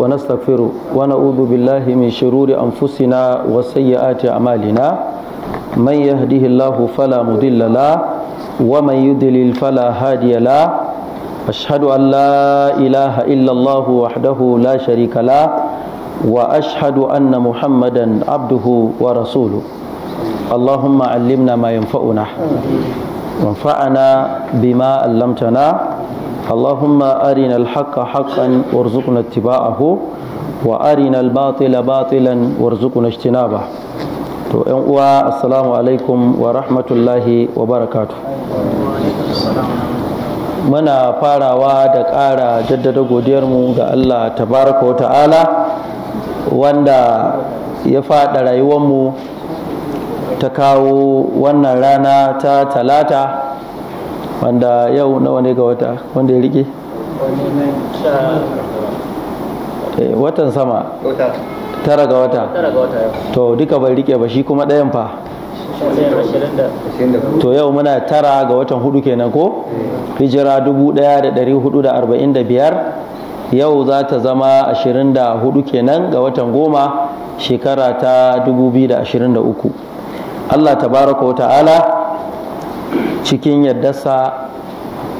ونستغفره ونعوذ بالله من شرور أنفسنا وسيئات أعمالنا من يهده الله فلا مضل له ومن يضلل فلا هادي له أشهد أن لا إله إلا الله وحده لا شريك له وأشهد أن محمدا عبده ورسوله اللهم علمنا ما ينفعنا وانفعنا بما علمتنا اللهم أرنا الحق حقا وارزقنا اتباعه وأرنا الباطل باطلا وارزقنا اجتنابه to yan uwa assalamu alaikum wa rahmatullahi wa barakatu muna farawa da ƙara jaddada godiyarmu ga Allah tabaraka wa ta'ala wanda ya faɗa rayuwarmu ta kawo wannan rana ta talata wanda yau nawa ne ga wata wanda ya rike eh, watan sama tara ga wata to duka bai rike ba shi kuma ɗayan fa to yau muna tara ga watan hudu kenan ko eh. hijira 1445 yau za ta zama 24 kenan ga watan goma shekara ta 2023 allah tabaraka wa ta'ala cikin yardarsa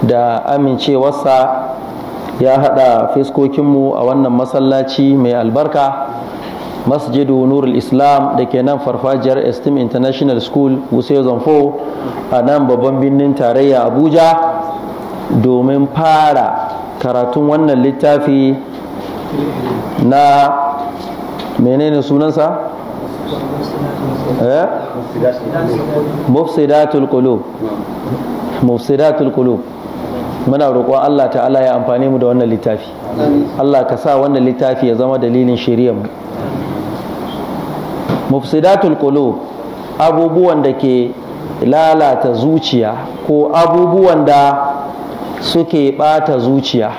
da amincewarsa ya haɗa fiskokinmu a wannan masallaci mai albarka masjidu nurul islam da ke nan farfajiyar esteem international school wuse zanfo a nan babban birnin tarayya abuja domin fara karatun wannan littafi na menene sunansa Eh? mufsidatul qulub mufsidatul qulub muna roƙo Allah ta'ala ya amfani mu da wannan littafi Allah ka sa wannan littafi ya zama dalilin shari'ar mu mufsidatul qulub abubuwan da ke lalata zuciya ko abubuwan da suke ɓata zuciya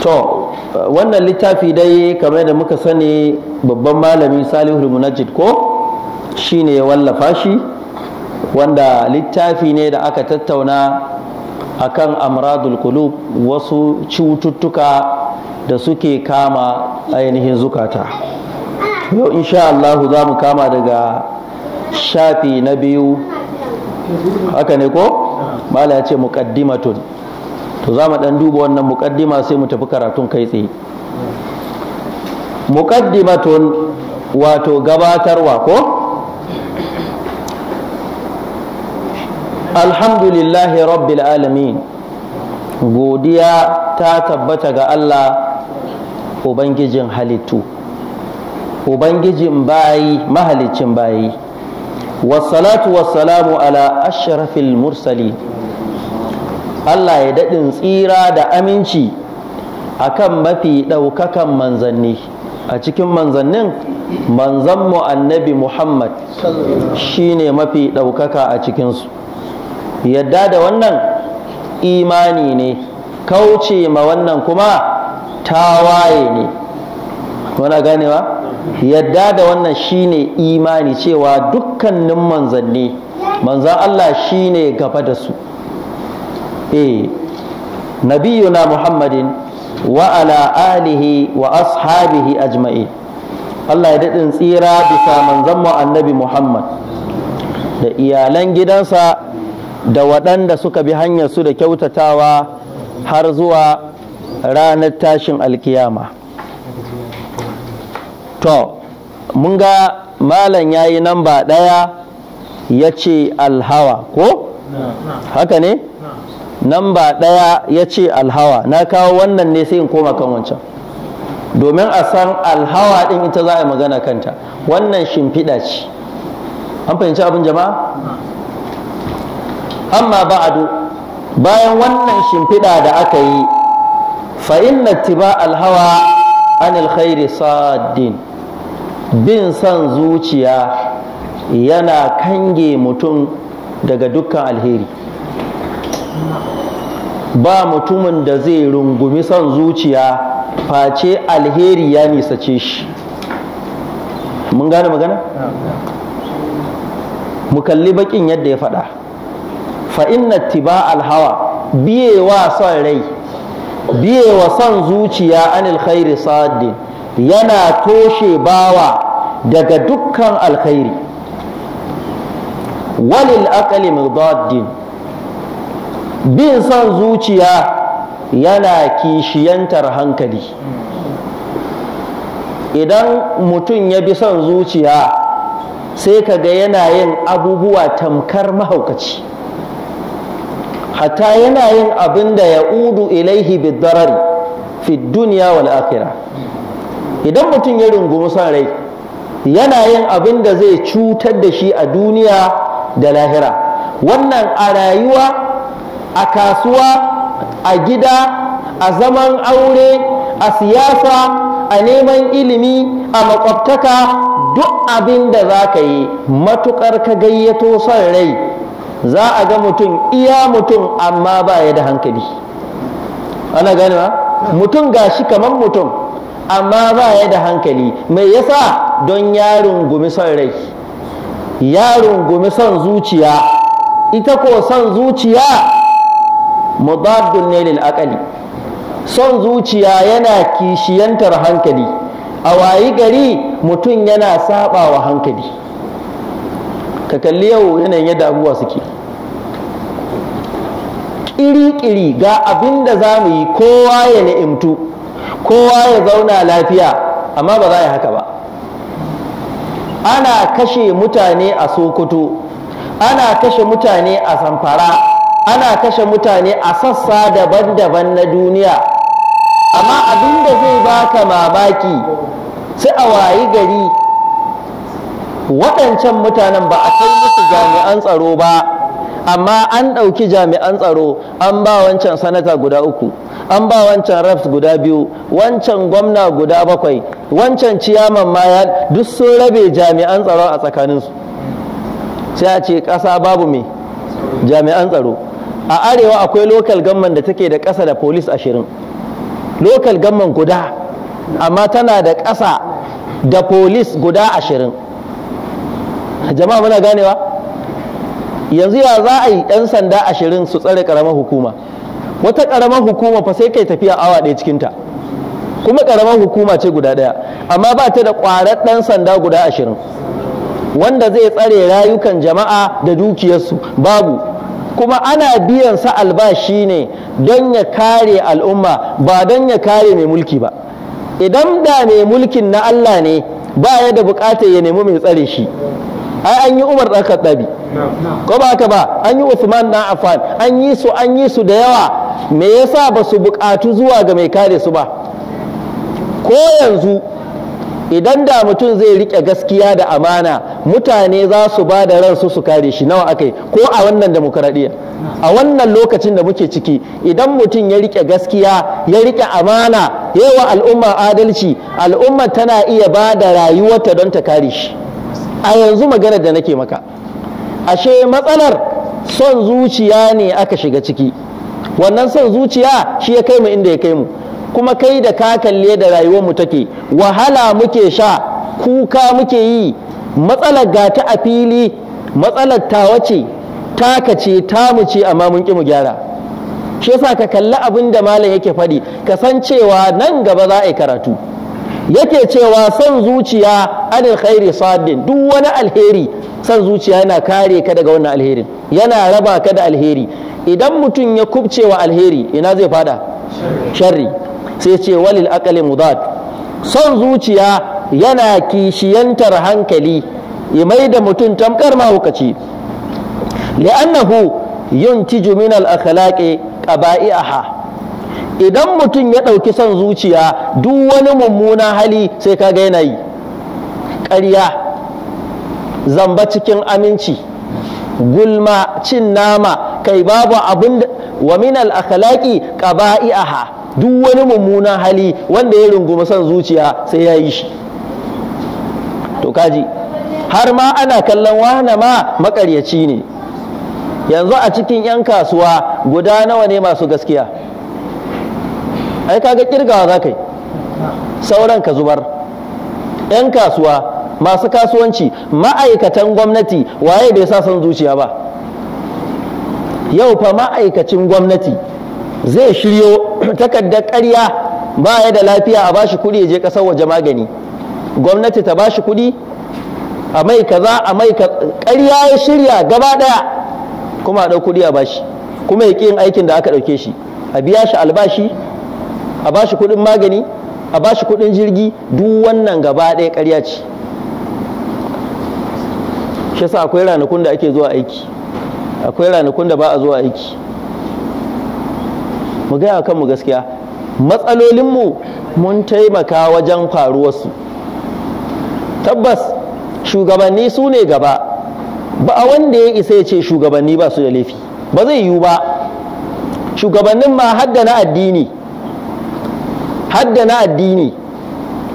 to wannan littafi dai kamar da muka sani babban malami salihul munajjid ko shine ya wallafa shi wanda littafi ne da aka tattauna akan amradul qulub wasu cututtuka da suke kama ainihin zukata yau insha Allah za mu kama daga shafi na biyu haka ne ko mala ya ce muqaddimatun to za mu ɗan duba wannan muƙaddima sai mu tafi karatun kai tsaye muƙaddimatun wato gabatarwa ko alhamdulillahi rabbil alamin godiya ta tabbata ga Allah ubangijin halittu ubangijin bayi mahalicin bayi wassalatu wassalamu ala ashrafil Mursali. Allah ya daɗin tsira da aminci a kan mafi ɗaukakan manzanni a cikin manzannin manzanmu annabi Muhammad shi ne mafi ɗaukaka a cikinsu yadda da wannan imani ne kauce ma wannan kuma tawaye ne wana ganewa yadda da wannan shi ne imani cewa dukkanin manzanni manzan Allah shi ne gaba da su eh nabiyuna muhammadin wa alihi wa ashabihi ajma'in Allah ya daɗin tsira bisa manzon mu annabi Muhammad da iyalan gidansa da waɗanda suka bi hanyar su da kyautatawa har zuwa ranar tashin alkiyama to mun ga malam ya yi namba ɗaya ya ce alhawa ko haka ne namba ɗaya ya ce alhawa na kawo wannan ne sai in koma kan wancan domin a san alhawa ɗin ita za a yi magana kanta wannan shimfiɗa ce an fahimci abin jama'a amma ba'adu bayan wannan shimfiɗa da aka yi fa tiba alhawa an alkhairi saddin bin son zuciya yana kange mutum daga dukkan alheri ba mutumin da zai rungumi son zuciya face alheri ya nisace shi mun gane magana mu kalli bakin yadda ya faɗa Fa'in inna tiba alhawa biyewa son rai biyewa son zuciya anil khairi Sadin yana toshe bawa daga dukkan alkhairi walil aqli mudaddin bin son zuciya yana kishiyantar hankali idan mutum ya bi son zuciya sai kaga yana yin abubuwa tamkar mahaukaci hatta yana yin abin da ya udu ilaihi bidarar fi duniya wal akhirah idan mutum ya rungumi son rai yana yin abin da zai cutar da shi a duniya da lahira wannan a rayuwa a kasuwa a gida a zaman aure a siyasa a neman ilimi a makwabtaka duk abin da za ka yi matukar ka gayyato son rai za a ga mutum iya mutum amma ba ya da hankali ana gane ba mutum gashi kamar mutum amma ba ya da hankali mai yasa don yarin gumi son rai yarin gumi son zuciya ita ko son zuciya mudaddun ne lil aqali son zuciya yana kishiyantar hankali a wayi gari mutum yana saba wa hankali ka kalli yau yanayin yadda abubuwa suke ƙiri ga abin da za mu yi kowa ya ni'imtu kowa ya zauna lafiya amma ba za ya haka ba ana kashe mutane a sokoto ana kashe mutane a samfara ana kashe mutane a sassa daban-daban na duniya amma abin da zai baka mamaki sai a wayi gari waɗancan mutanen ba a kai musu jami'an tsaro ba amma an ɗauki jami'an tsaro an ba wancan sanata guda uku an ba wancan raps guda biyu wancan gwamna guda bakwai wancan ciyaman maya duk sun rabe jami'an tsaro a tsakaninsu sai a ce ƙasa babu me jami'an tsaro a arewa akwai lokal government da take da ƙasa da police ashirin lokal government guda amma tana da ƙasa da police guda ashirin jama'a muna ganewa yanzu ya za a yi 'yan sanda ashirin su tsare ƙaramar hukuma wata ƙaramar hukuma fa sai kai tafiya awa ɗaya cikinta kuma ƙaramar hukuma ce guda ɗaya amma ba ta da ƙwarar ɗan sanda guda ashirin wanda zai tsare rayukan jama'a da dukiyarsu babu kuma ana biyan sa albashi ne don ya kare al'umma ba don ya kare mai mulki ba idan da mai mulkin na Allah ne ba ya da bukatar ya nemi mai tsare shi ai an yi Umar ɗan Khattabi ko ba haka ba an yi Usman na Afan, an yi su an yi su da yawa me yasa ba su bukatu zuwa ga mai kare su ba ko yanzu idan da mutum zai rike gaskiya da amana mutane za su ba da ransu su kare shi nawa akai ko a wannan demokradiyya a wannan lokacin da muke ciki idan mutum ya rike gaskiya ya rike amana yawa al'umma adalci al'umma tana iya ba da rayuwarta don ta kare shi a yanzu magana da nake maka ashe matsalar son zuciya ne aka shiga ciki wannan son zuciya shi ya kai mu inda ya kai mu kuma kai da ka kalle da rayuwar mu take wahala muke sha kuka muke yi matsalar gata a fili matsalar tawa ce taka ce tamu ce amma mun ki mu gyara shi yasa ka kalli abin da malam yake faɗi ka san cewa nan gaba za a yi karatu yake cewa son zuciya anil khairi sadin duk wani alheri son zuciya yana kare ka daga wannan alherin yana raba ka da alheri idan mutum ya kubce wa alheri ina zai fada sharri sai ce walil akali mudad son zuciya yana kishiyantar hankali ya mai da mutum tamkar mahaukaci li'annahu tiju min al-akhlaqi qaba'iha idan mutum ya ɗauki son zuciya duk wani mummuna hali sai ka yana yi ƙarya zamba cikin aminci gulma cin nama kai babu abin wa min al-akhlaqi qaba'iha duk wani mummunan hali wanda ya rungumi son zuciya sai ya yi shi to kaji har ma ana kallon wahana ma makaryaci ne yanzu a cikin 'yan kasuwa guda nawa ne masu gaskiya ai kaga kirgawa za ka yi sauran ka zubar 'yan kasuwa masu kasuwanci ma'aikatan gwamnati waye bai sa son zuciya ba yau fa ma'aikacin gwamnati zai shiryo takardar ƙarya ba ya da lafiya a bashi kuɗi ya je ƙasar waje magani gwamnati ta bashi kuɗi a mai kaza a mai ƙarya ya shirya gaba ɗaya kuma a ɗau kuɗi a bashi kuma ya yin aikin da aka ɗauke shi a biya shi albashi a bashi kuɗin magani a bashi kuɗin jirgi duk wannan gaba ɗaya ƙarya ce shi yasa akwai ranakun da ake zuwa aiki akwai ranakun da ba a zuwa aiki mu gaya kanmu gaskiya matsalolinmu mun taimaka wajen faruwarsu tabbas shugabanni su ne gaba ba a wanda ya isa ya ce shugabanni ba su da laifi ba zai yiwu ba shugabannin ma hadda na addini hadda na addini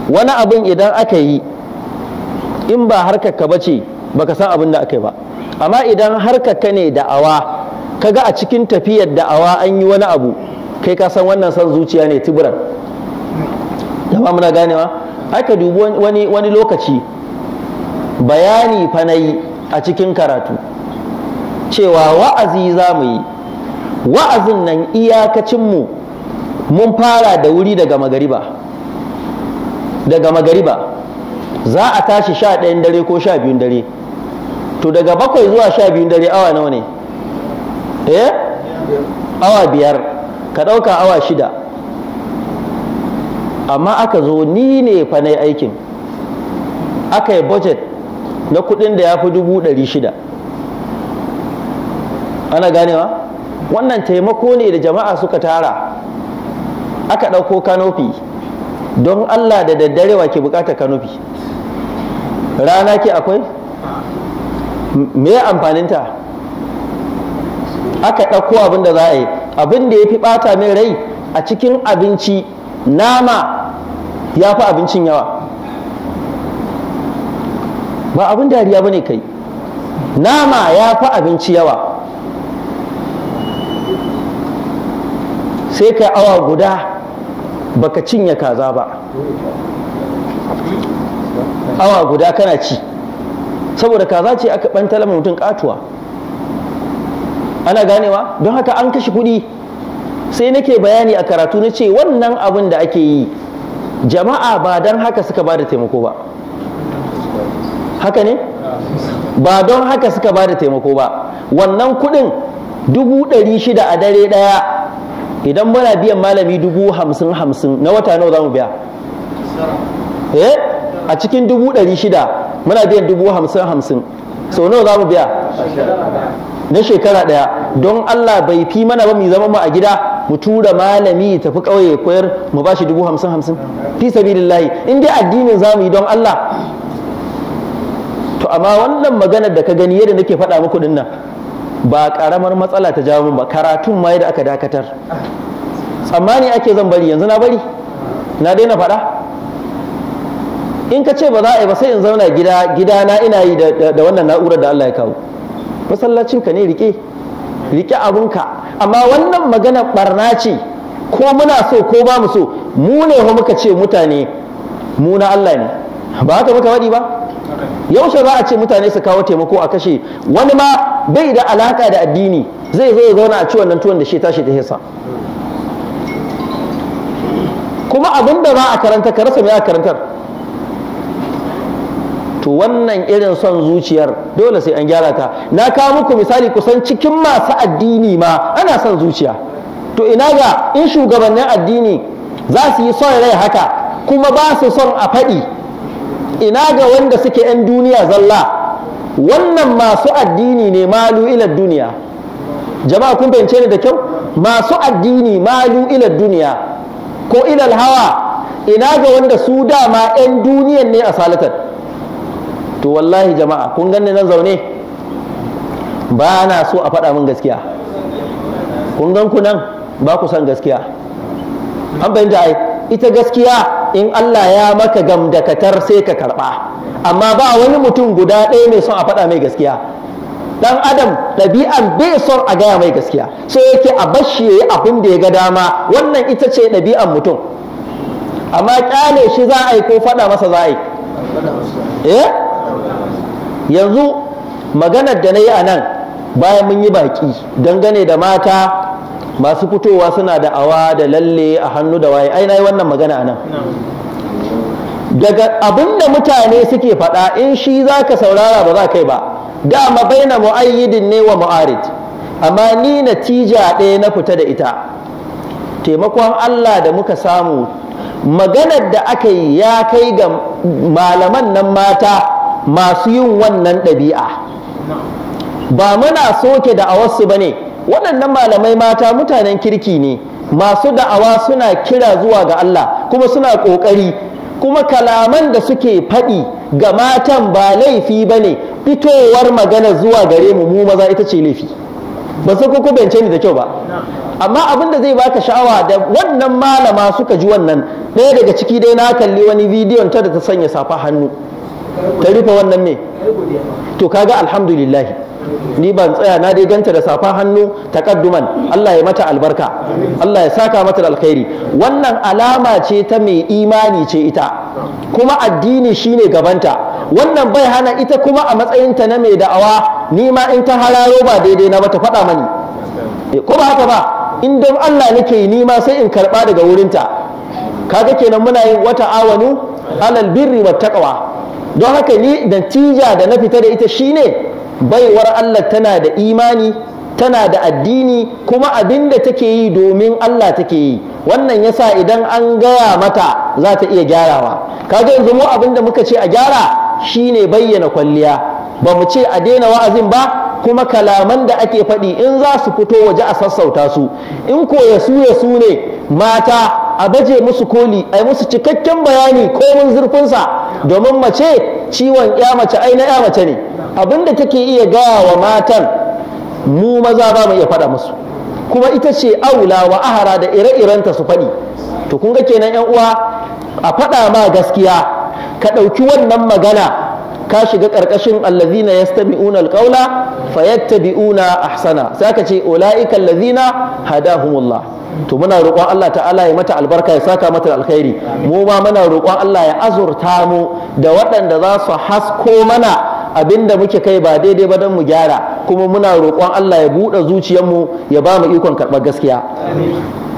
wani abin idan aka yi in ba ba ce bace baka san abin da aka yi ba amma idan harkar ka ne da'awa kaga a cikin tafiyar da'awa an yi wani abu kai ka san wannan san zuciya ne tibiran da ba muna ganewa aka dubi wani wani lokaci bayani fa a cikin karatu cewa wa'azi za mu yi wa'azin nan iyakacinmu mun fara da wuri daga magariba daga magariba za a tashi sha ɗayan dare ko sha biyun dare to daga bakwai zuwa sha biyun dare awa nawa ne eh awa biyar ka ɗauka awa shida amma aka zo ni ne fa na aikin aka yi budget na kuɗin da ya fi dubu ɗari shida ana ganewa wannan taimako ne da jama'a suka tara aka ɗauko kanofi don allah da daddare wa ke bukata kanofi rana ke akwai me amfaninta aka ɗauko abinda da za a yi abin da ya fi ɓata min rai a cikin abinci nama ya fi abincin yawa ba abin dariya ba ne kai nama ya fi abinci yawa sai ka awa guda baka cinye kaza ba awa guda kana ci saboda kaza ce aka ɓantala mutum katuwa ana ganewa don haka an kashe kuɗi sai nake bayani a karatu na ce wannan abin da ake yi jama'a ba don haka suka ba da taimako ba haka ne ba don haka suka ba da taimako ba wannan kuɗin dubu ɗari shida a dare ɗaya idan muna biyan malami dubu hamsin hamsin na wata nawa za mu biya eh a cikin dubu ɗari shida muna biyan dubu hamsin hamsin sau nawa za mu biya na shekara ɗaya don Allah bai fi mana ba mu zama mu a gida mu tura malami tafi kauye ya koyar mu ba shi dubu hamsin hamsin fi sabilillahi in dai addinin za mu yi don Allah to amma wannan maganar da ka gani yadda nake faɗa muku dinnan ba ƙaramar matsala ta jawo ba karatun ma yadda aka dakatar tsammani ake zan bari yanzu na bari na daina faɗa in ka ce ba za a yi ba sai in zauna gida na ina yi da wannan na'urar da Allah ya kawo masallacin ka ne rike rike abunka amma wannan magana barna ce ko muna so ko ba mu so mu ne ho muka ce mutane mu na Allah ne ba haka muka wadi ba yaushe za a ce mutane su kawo taimako a kashe wani ma bai da alaka da addini zai zo ya zauna a ci wannan tuwon da shi tashi ta hisa kuma abin da za a karanta ka rasa me a karantar to wannan irin son zuciyar dole sai an gyara ta na kawo muku misali kusan cikin masu addini ma ana son zuciya to ina ga in shugabannin addini za su yi son rai haka kuma ba su son a faɗi ina ga wanda suke 'yan duniya zalla wannan masu addini ne malu ila duniya jama'a kun fahimce ni da kyau masu addini malu ila duniya ko ilal hawa ina ga wanda su dama 'yan duniyan ne a salatan to wallahi jama'a kun ganni nan zaune ba na so a faɗa min gaskiya kun gan ku nan ba ku san gaskiya an fahimta ai ita gaskiya in Allah ya maka gamdakatar sai ka karɓa amma ba wani mutum guda ɗaya mai son a faɗa mai gaskiya dan adam ɗabi'an bai son a gaya mai gaskiya so yake a bashi yayi abin da ya ga dama wannan ita ce ɗabi'an mutum amma kyale shi za a yi ko faɗa masa za a yi eh yanzu maganar da na yi a nan bayan mun yi baki dangane da mata masu fitowa suna da awa da lalle a hannu da waye ai na yi wannan magana a nan daga abin da mutane suke faɗa in shi za ka saurara ba za kai ba dama baina mu'ayyidin ne wa mu'arid amma ni natija ɗaya na fita da ita taimakon Allah da muka samu maganar da aka yi ya kai ga malaman nan mata masu yin wannan ɗabi'a ba muna soke da'awarsu ba ne waɗannan malamai mata mutanen kirki ne masu da'awa suna kira zuwa ga Allah kuma suna ƙoƙari kuma kalaman da suke faɗi ga matan ba laifi ba ne fitowar magana zuwa gare mu mu maza ita ce laifi ba su kuku bence ni da kyau ba amma abin da zai baka sha'awa da wannan malama suka ji wannan ɗaya daga ciki dai na kalli wani bidiyon ta da ta sanya safa hannu Ta rufe wannan ne? to kaga alhamdulillah ni ban tsaya na dai ganta da safa hannu takadduman Allah ya mata albarka Allah ya saka mata alkhairi wannan alama ce ta mai imani ce ita kuma addini shine gabanta wannan bai hana ita kuma a matsayinta na mai da'awa ni ma in ta hararo ba daidai na ba ta faɗa mani ko ba haka ba in don Allah nake ni ma sai in karɓa daga wurinta kaga kenan muna yin wata awanu alal birri wa taqwa don haka ni dattija da na fita da ita shine baiwar Allah tana da imani tana da addini kuma abin da take yi domin Allah take yi wannan yasa idan an gaya mata za ta iya gyarawa kaga yanzu mu abin da muka ce a gyara shine bayyana kwalliya ba mu ce a daina wa'azin ba kuma kalaman da ake faɗi in za su fito waje a sassauta su in ko ya su ya su ne mata a baje musu koli a musu cikakken bayani komin zurfinsa domin mace ciwon ya mace ai na ya mace ne abinda take iya gaya wa matan mu maza ba mu iya faɗa musu kuma ita ce aula wa ahara da ire-irenta su faɗi to kun ga kenan yan uwa a faɗa ma gaskiya ka ɗauki wannan magana ka shiga ƙarƙashin allazina yastami'una alqaula fayattabi'una ahsana sai aka ce ulaika allazina hadahumullah to muna roƙon Allah ta'ala ya mata albarka ya saka mata alkhairi mu ma muna roƙon Allah ya azurta mu da waɗanda za su hasko mana abinda muke kai ba daidai ba don mu gyara kuma muna roƙon Allah ya buɗe mu ya ba mu ikon karɓar gaskiya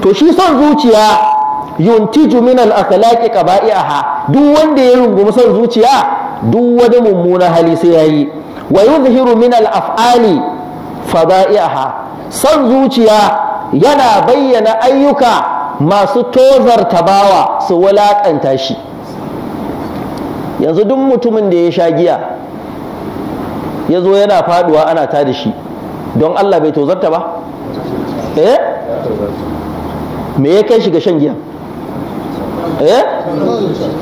to shi son zuciya yuntiju min al-akhlaqi qaba'iha duk wanda ya rungumi son zuciya duk wani mummunan hali sai ya yi wa yuzhiru min al-af'ali fada'iha san zuciya yana bayyana ayyuka masu tozar tabawa su wulaƙanta shi yanzu duk mutumin da ya sha giya ya zo yana faduwa ana ta da shi don Allah bai tozarta ba eh me ya kai shi ga shan giya eh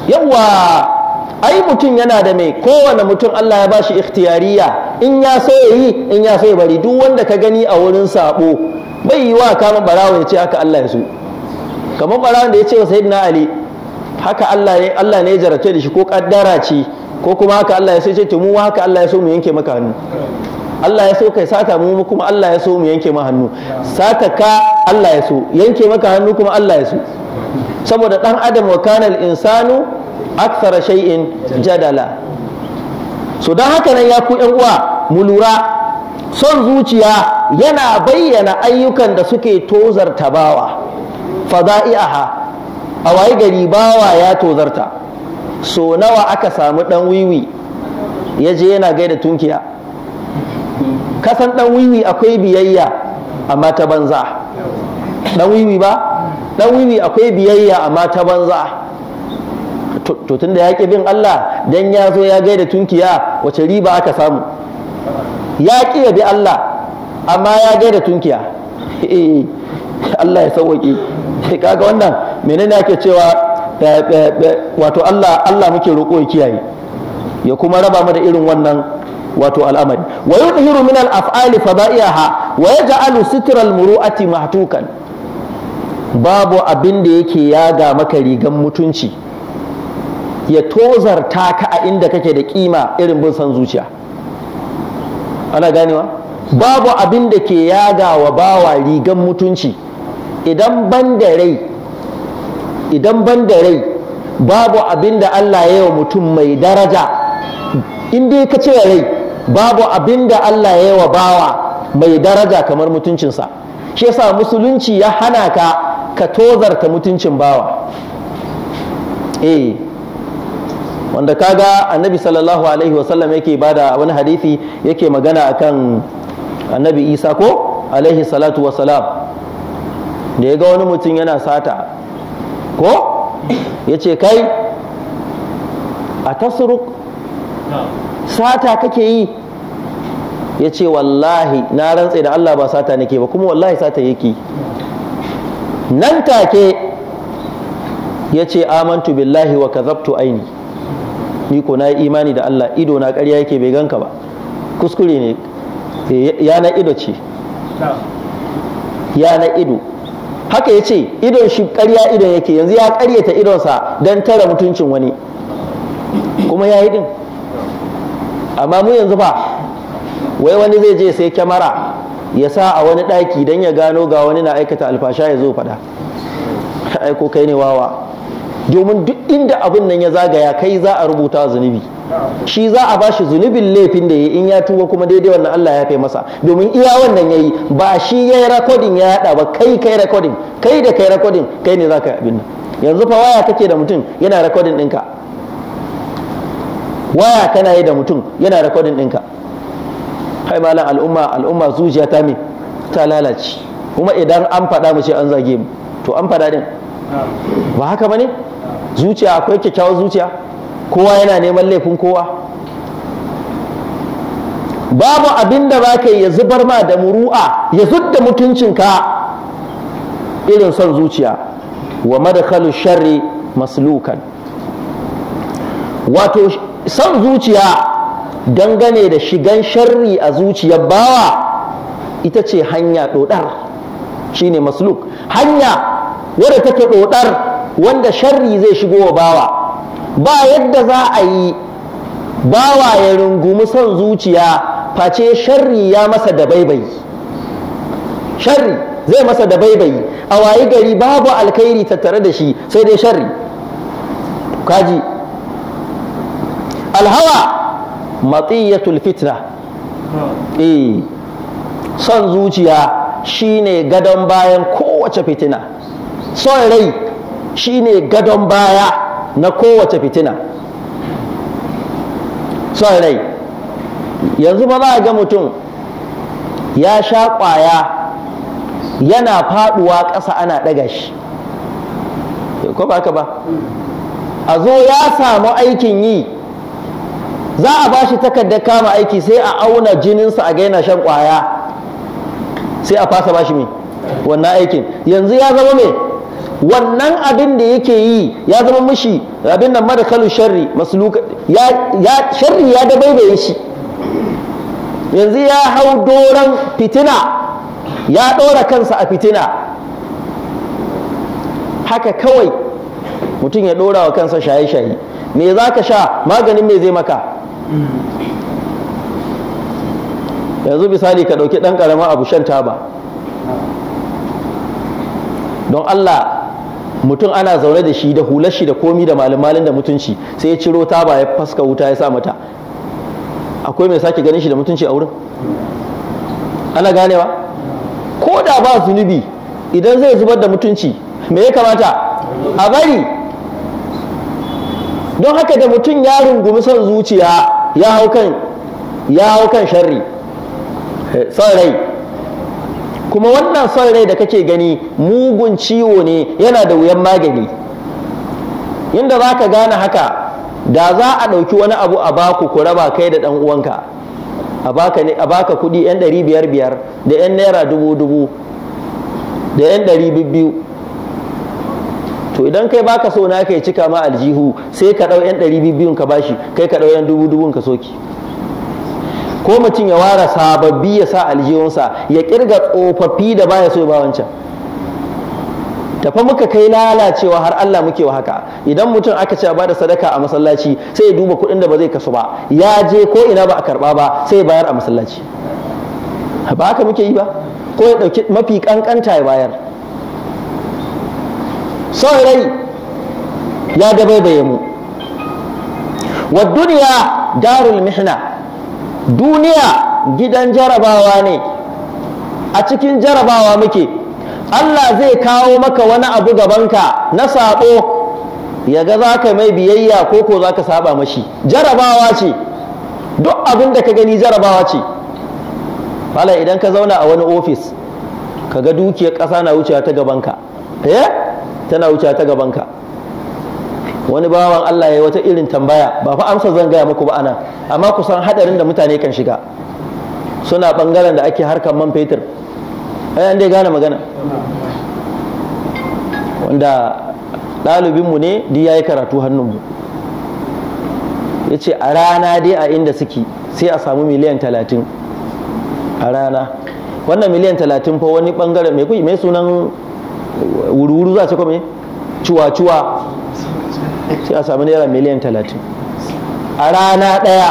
yawa ai mutum yana da mai kowane mutum Allah ya bashi ikhtiyariya in ya so ya yi in ya so ya bari duk wanda ka gani a wurin sabo bai yi wa kama barawa ya ce haka Allah ya so kamar barawa da ya ce wa sayyidina Ali haka Allah ne Allah ne ya jarabce da shi ko kaddara ce ko kuma haka Allah ya so Ya ce mu haka Allah ya so mu yanke maka hannu Allah ya so kai sata mu kuma Allah ya so mu yanke maka hannu sata ka Allah ya so yanke maka hannu kuma Allah ya so saboda dan adam wa kana al insanu akthara shay'in jadala so dan haka nan ya ku yan uwa mu lura son zuciya yana bayyana ayyukan da suke tozarta bawa fada'iha a waye gari bawa ya tozarta so nawa aka samu dan wiwi ya je yana gaida tunkiya kasan dan wiwi akwai biyayya amma ta banza dan wiwi ba dan wiwi akwai biyayya amma ta banza to tunda ya ƙi bin Allah don ya zo ya gaida tunkiya wace riba aka samu ya ƙi ya bi Allah amma ya gaida tunkiya Allah ya sauwaƙi kaga wannan menene ake cewa wato Allah Allah muke roƙo ya kiyaye ya kuma raba mu da irin wannan wato al'amari wa yudhiru min al-af'ali fada'iha wa yaj'alu sitra al-muru'ati mahtukan babu abin da yake yaga maka rigan mutunci ya tozarta ka a inda kake da kima irin bin san zuciya ana ganewa babu abin da ke yaga wa bawa rigan mutunci idan ban da rai idan ban da rai babu abin da Allah ya yi wa mutum mai daraja in dai ka ce rai babu abin da Allah ya yi wa bawa mai daraja kamar mutuncinsa shi yasa musulunci ya hana ka ka tozarta mutuncin bawa eh wanda kaga annabi sallallahu alaihi wasallam yake bada wani hadisi yake magana akan annabi isa ko alaihi salatu wasalam da ya ga wani mutum yana sata ko ya ce kai a tasiru sata kake yi ya ce wallahi na rantse da allah ba sata nake ba kuma wallahi sata yake nan take ya ce amantu billahi wa kazabtu aini ni ko na yi imani da Allah ido na ƙarya yake bai ganka ba kuskure ne eh, ya na ido ce ya na ido haka ya ce idon shi ƙarya idon yake yanzu ya ƙaryata idonsa don tara mutuncin wani kuma ya yi din amma mu yanzu ba wai wani zai je sai kyamara ya sa a wani ɗaki don ya gano ga wani na aikata alfasha ya zo faɗa aiko kai ne wawa domin duk inda abin nan ya zagaya kai za a rubuta zunubi shi za a ba shi zunubin laifin da ya in ya tuba kuma daidai wannan Allah ya kai masa domin iya wannan yayi ba shi ya yi rakodin ya haɗa ba kai kai rakodin kai da kai rakodin kai ne za ka yi abin nan yanzu fa waya kake da mutum yana rakodin ɗinka waya kana yi da mutum yana rakodin ɗinka kai malam al'umma al'umma zuciya ta me ta lalace kuma idan an faɗa mu ce an zage mu to an faɗa din ba haka ba ne? zuciya akwai kyakkyawar zuciya kowa yana neman laifin kowa babu abin da baka ya zubar ma da muru'a ya zudda mutuncinka irin son zuciya wa madakalu sharri maslukan wato son zuciya dangane da shigan sharri a zuciyar bawa ita ce hanya dodar shine masluk hanya wadda take dodar wanda sharri zai shigo wa bawa ba yadda za a yi bawa ya rungumi son zuciya face sharri ya masa da baibayi sharri zai masa da baibayi a wayi gari babu alkhairi tattare da shi sai dai sharri kaji alhawa matiyatul fitna eh son zuciya shine gadon bayan kowace fitina son rai shine gadon baya na kowace fitina son rai yanzu ba za a ga mutum ya sha kwaya yana faɗuwa ƙasa ana ɗaga shi ko ba ka ba a zo ya samu aikin yi za a ba shi takardar kama aiki sai a auna jininsa a gaina shan kwaya sai a fasa ba shi mai wannan aikin yanzu ya zama mai wannan abin da yake yi ya zama mishi abin nan madakalu sharri masluka ya ya sharri ya dabaibaye shi yanzu ya hau doron fitina ya ɗora kansa a fitina haka kawai mutum ya ɗora wa kansa shaye-shaye me za ka sha maganin me zai maka yanzu misali ka ɗauki ɗan ƙaramin abu shan taba don allah mutum ana zaune da shi da hular shi da komi da malin da mutunci sai ya ciro ta ba ya faska wuta ya sa mata akwai mai sake ganin shi da mutunci a wurin ana ganewa ko da ba zunubi idan zai zubar da mutunci me ya kamata a bari don haka da mutum ya rungumi son zuciya ya hau kan ya hau kan sharri eh, son rai kuma wannan son rai da kake gani mugun ciwo ne yana da wuyan magani Inda za ka gane haka da za a ɗauki wani abu a baku ku raba kai da ɗan uwanka a baka kuɗi 'yan ɗari biyar biyar da 'yan naira dubu dubu da 'yan ɗari biyu to idan kai baka so na kai cika ma aljihu sai ka ɗau 'yan ɗari biyun ka bashi kai ka ɗau 'yan dubu dubun ka soki ko mutum ya ware sababbi ya sa aljihunsa ya kirga tsofaffi da baya so ba wancan tafa muka kai lalacewa har Allah muke wa haka idan mutum aka ce a bada sadaka a masallaci sai ya duba kuɗin da ba zai kasu ba ya je ko ina ba a karba ba sai ya bayar a masallaci ba haka muke yi ba ko ya ɗauki mafi ƙanƙanta ya bayar son rai ya dabaibaye mu wa duniya darul mihna duniya gidan jarabawa ne a cikin jarabawa muke Allah zai kawo maka wani abu gabanka na saɓo ya ga za ka mai biyayya ko ko za ka saba mashi jarabawa ce duk abin da ka gani jarabawa ce Fala idan ka zauna a wani ofis ka ga dukiyar ƙasa na wucewa ta gabanka eh? tana wucewa ta gabanka wani bawan Allah ya wata irin tambaya ba fa amsa zan gaya muku ba ana amma kusan hadarin da mutane kan shiga suna bangaren da ake harkar man fetur ai an dai gane magana wanda ɗalibinmu ne di yayi karatu hannunmu ya ce a rana dai a inda suke sai a samu miliyan talatin a rana wannan miliyan talatin fa wani bangare mai sunan wuri-wuri za su kome cuwa-cuwa sai a samu naira miliyan talatin a rana ɗaya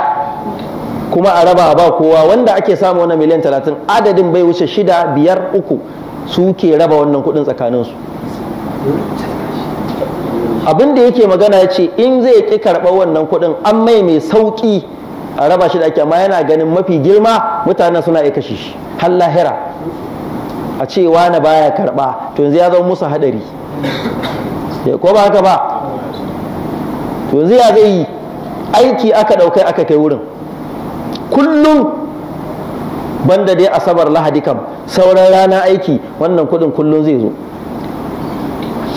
kuma a raba ba kowa wanda ake samu wannan miliyan talatin adadin bai wuce shida biyar uku su ke raba wannan kuɗin tsakaninsu abin da yake magana ya ce in zai ƙi karɓar wannan kuɗin an mai mai sauƙi a raba shi da ake amma yana ganin mafi girma mutanen suna iya kashe shi har lahira a ce na baya karɓa to yanzu ya zama musu haɗari eh, ko ba haka ba yanzu ya zai yi aiki aka ɗaukai aka kai wurin kullum banda dai asabar lahadi kam sauran rana aiki wannan kuɗin kullum zai zo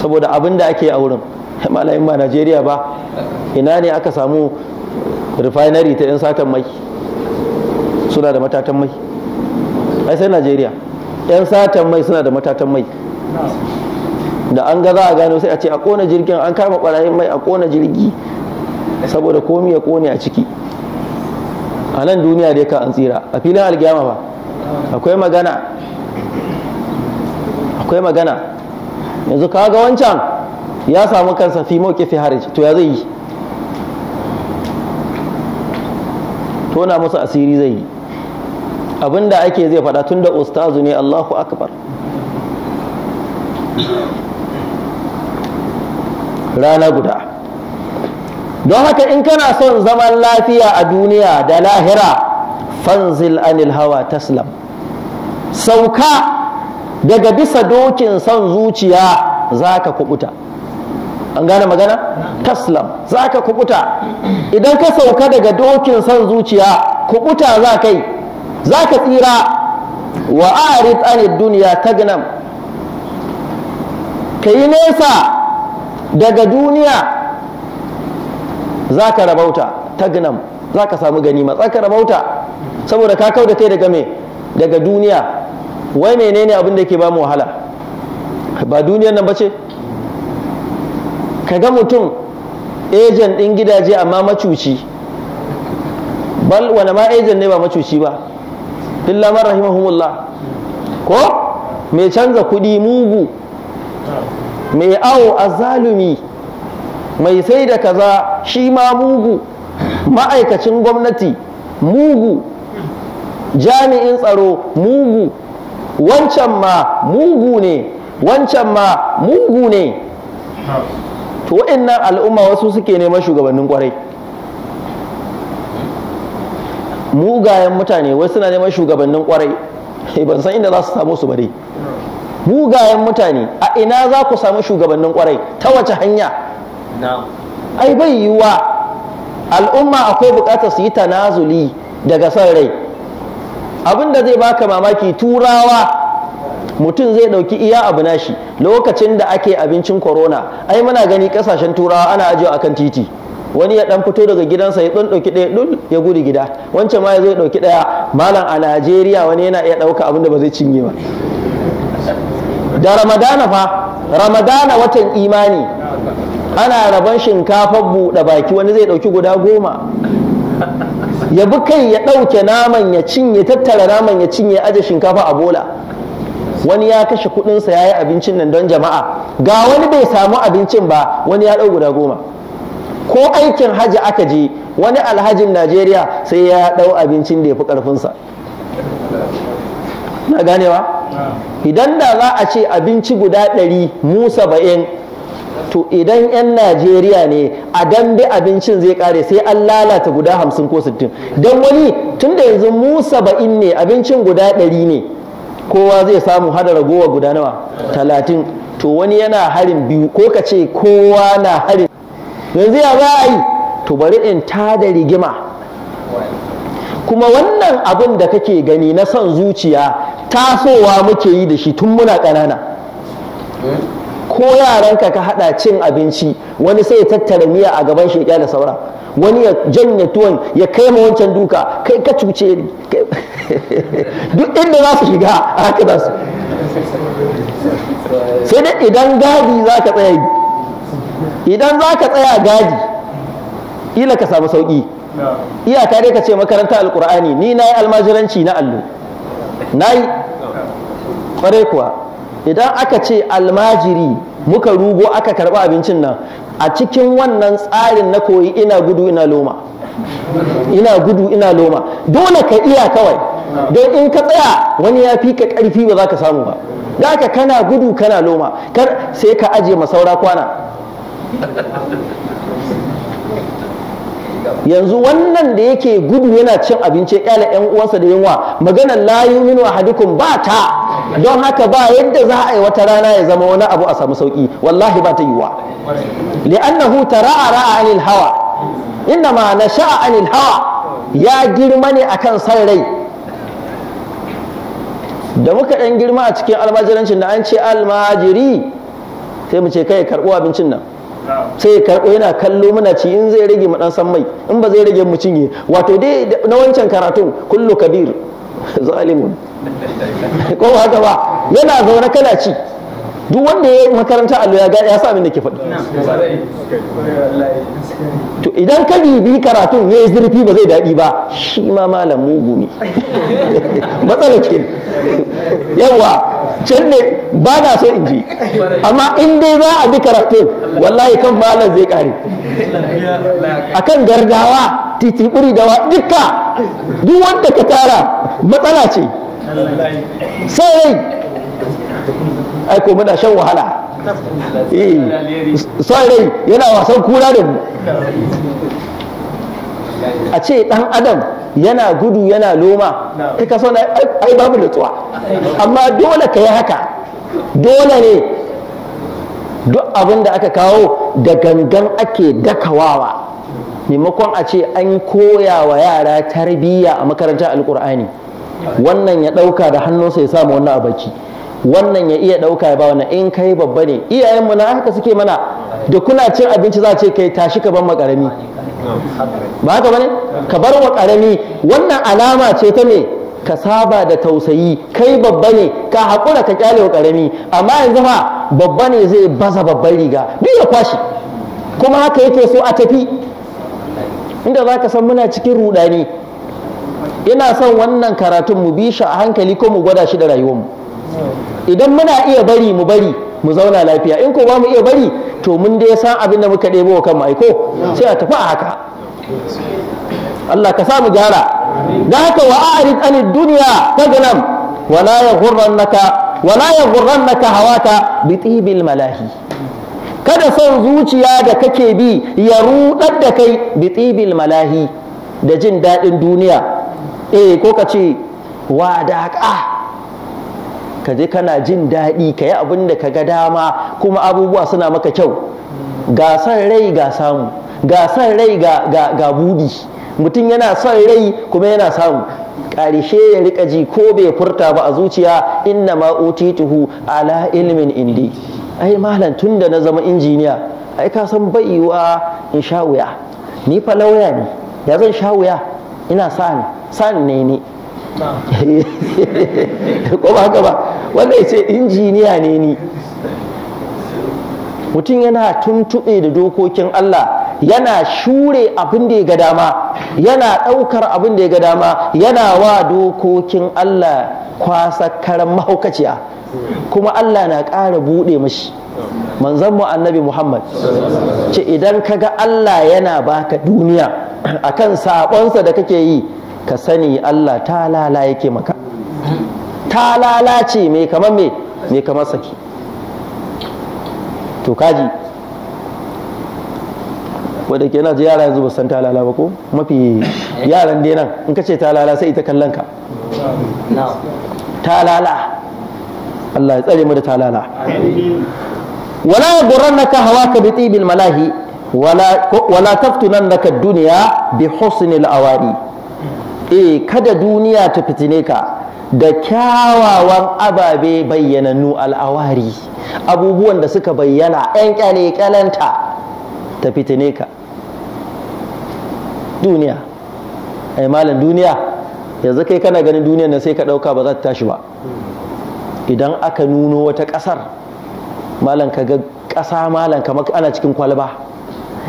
saboda abin da ake a wurin malayin ba najeriya ba ina ne aka samu refinery ta 'yan satan mai suna da matatan mai ai sai najeriya 'yan satan mai suna da matatan mai da an ga za a gano sai a ce a kona jirgin an kama barayin mai a kona jirgi saboda komi ya kone a ciki a nan duniya dai ka an tsira a filin alkiyama ba akwai magana akwai magana yanzu ka ga wancan ya samu kansa fi mauke fi haraj to ya zai yi tona musu asiri zai yi abinda ake zai faɗa tun da ustazu ne allahu akbar rana guda don haka in kana son zaman lafiya a duniya da lahira fanzil anil hawa taslam sauka daga bisa dokin son zuciya za ka kubuta an gane magana taslam za ka kubuta idan ka sauka daga dokin son zuciya kubuta za kai za ka tsira wa arid anid duniya tagnam ka yi nesa daga duniya za ka rabauta tagnam za ka samu ganima za ka rabauta saboda ka kau da kai daga me daga duniya wai menene abin da ke ba mu wahala ba duniyar nan ba ce ka ga mutum ejen ɗin gidaje amma macuci wane wani ma ejen ne ba macuci ba illa man rahimahumullah ko mai canza kuɗi mugu mai awo azzalumi mai sai da kaza shi ma mugu ma'aikacin gwamnati mugu jami'in tsaro mugu wancan ma mugu ne wancan ma mugu ne to wa'annan al'umma wasu suke neman shugabannin kwarai mugayen mutane wasu suna neman shugabannin kwarai eh, ban san inda za su samu su bare mugayen mutane a ina za ku samu shugabannin kwarai ta wace hanya ai bai yiwuwa al'umma akwai bukatar su yi tanazuli daga son rai abin da zai baka mamaki turawa mutum zai ɗauki iya abu nashi lokacin da ake abincin korona, ai muna gani ƙasashen turawa ana ajiyo akan titi wani ya dan fito daga gidansa ya dan dauki ɗaya dul ya gudu gida wancan ma ya zo ya dauki ɗaya malam a Najeriya wani yana iya dauka abin da ba zai cinye ba da ramadana fa ramadana watan imani ana rabon shinkafar buɗe baki wani zai ɗauki guda goma ya bi kai ya ɗauke naman ya cinye tattara naman ya cinye aje shinkafa a bola wani ya kashe kuɗinsa ya yi abincin nan don jama'a ga wani bai samu abincin ba wani ya ɗau guda goma ko aikin hajji aka je wani alhajin najeriya sai ya ɗau abincin da ya fi ƙarfinsa na ganewa idan da za a ce abinci guda ɗari mu saba'in to idan 'yan najeriya ne a dambe abincin zai kare sai an lalata guda hamsin ko sittin don wani tun da yanzu mu saba'in ne abincin guda ɗari ne kowa zai samu hada ragowa guda nawa talatin to wani yana harin biyu ko ka ce kowa na harin yanzu ya za a yi to bari in tada rigima kuma wannan abin da kake gani na son zuciya tasowa muke yi da shi tun muna ƙanana ko yaranka ka haɗa cin abinci wani sai ya tattara miya a gaban shi da saura wani ya janye tuwon ya kai ma wancan duka kai ka cuce ni duk inda za su shiga haka za su sai dai idan gadi za ka tsaya idan za ka tsaya gadi ila ka samu sauƙi iyaka dai ka ce makaranta alkur'ani ni na yi almajiranci na allo na yi kwarai kuwa idan aka ce almajiri muka rugo aka karɓi abincin nan a cikin wannan tsarin na koyi ina gudu ina loma ina gudu ina loma dole ka iya kawai don in ka tsaya wani ya fi ka ƙarfi ba za ka samu ba da ka kana gudu kana loma sai ka aje masaura kwana yanzu wannan da yake gudu yana cin abinci kyale yan uwansa da yunwa maganar minu a hadukun ba ta don haka ba yadda za a yi wata rana ya zama wani abu a samu sauki wallahi ba ta yi wa li'annahu tara'a ra'a anil hawa inna ma nasha'a anil hawa ya girma ne akan san rai da muka ɗan girma a cikin almajirancin da an ce almajiri sai mu ce kai karɓo abincin nan sai ya karɓo yana kallo muna ci in zai rage mu dan san mai in ba zai rage mu cinye wato dai na wancan karatun kullu kabir zalimun ko haka ba yana zaune kana ci duk wanda ya makaranta allo ya ya sa min da ke faɗi to idan ka bibi karatun ya yi zurfi ba zai daɗi ba shi ma malam mugu ne Matsalar yawa can ne ba na so in ji amma in dai za a bi karatu, wallahi kan malam zai kare akan gargawa titiburi da dukka duk wanda ka tara matsala ce sai ai ko muna shan wahala eh, sai rai yana wasan kura da mu a ce dan adam yana gudu yana loma kai ka sauna ai babu nutsuwa amma dole ka yi haka dole ne duk abin da aka kawo da gangan ake dakawawa maimakon a ce an koya wa yara tarbiyya a makarantar alkur'ani wannan ya ɗauka da hannunsa ya samu wannan a wannan ya iya ɗauka ya ba wannan in kai babba ne iyayenmu na haka suke mana da kuna cin abinci za a ce kai tashi ka ban makarami ba haka bane ka bar wa karami wannan alama ce ta me ka saba da tausayi kai babba ne ka haƙura ka kyale wa karami amma yanzu fa babba ne zai baza babban riga duk ya kwashi kuma haka yake so a tafi inda za ka san muna cikin rudani ina son wannan karatun mu bi shi a hankali ko mu gwada shi da rayuwarmu idan muna iya bari mu bari mu zauna lafiya in ko ba mu iya bari to mun dai san abin da muka ɗebo wa kan aiko sai a tafi a haka Allah ka samu gyara da haka wa a'rid anid dunya taglam wa la yaghurrannaka wa la yaghurrannaka ta bi tibil malahi kada son zuciya da kake bi ya rudar da kai bi tibil malahi da jin daɗin duniya E, ko ka ce wa wadaƙa ka je kana jin daɗi ka yi abin da ka ga dama kuma abubuwa suna maka kyau ga son rai ga samu ga son rai ga budi mutum yana son rai kuma yana samu ƙarshe ya rika ji ko bai furta ba a zuciya inna ma utituhu ala ilmin indi ai malam tun da na zama injiniya ai ka san baiwa in sha wuya ni fa lauya ne ya zan sha wuya ina sa ne ne ko ba haka ba wanda ya ce injiniya ne ni mutum yana tuntuɓe da dokokin Allah yana shure abin da ya ga dama yana ɗaukar abin da ya ga dama yana wa dokokin Allah kwasa karan mahaukaciya kuma Allah na ƙara buɗe mashi manzan mu annabi Muhammad ce idan ka ga Allah yana baka duniya akan sabonsa da kake yi ka sani Allah ta lala yake maka ta lalace mai kamar me mai kamar saki to kaji wadda ke ji yara yanzu ba san ta lala ba ko mafi yaran dai nan in ka ce ta lala sai ita kallon ka ta lala Allah ya tsare mu da ta lala wala hawa hawaka bi tibil malahi wala wala taftunannaka dunya bi husnil awari E kada duniya ta fitine ka da kyawawan ababe bayyana al'awari abubuwan da suka bayyana 'yan kyale kyalanta ta fitine ka duniya ai eh, malam duniya yanzu kai kana ganin duniya nan sai ka ɗauka ba za ta tashi ba idan aka nuno wata ƙasar malam ka ga ƙasa malam kamar ana cikin kwalba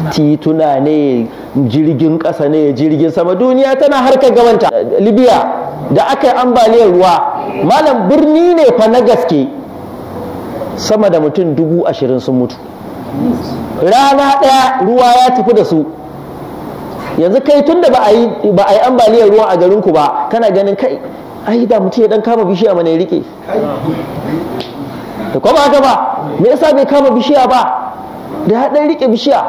tituna ne jirgin ƙasa ne jirgin sama duniya tana harkar gabanta libya da aka yi ambaliyar ruwa malam birni ne fa na gaske sama da mutum dubu ashirin sun mutu rana ɗaya ruwa ya tafi da su yanzu kai tun da ba a yi ambaliyar ruwa a garinku ba kana ganin kai ai da mutum ya dan kama bishiya mana ya rike da kuma haka ba me yasa bai kama bishiya ba da ya dan rike bishiya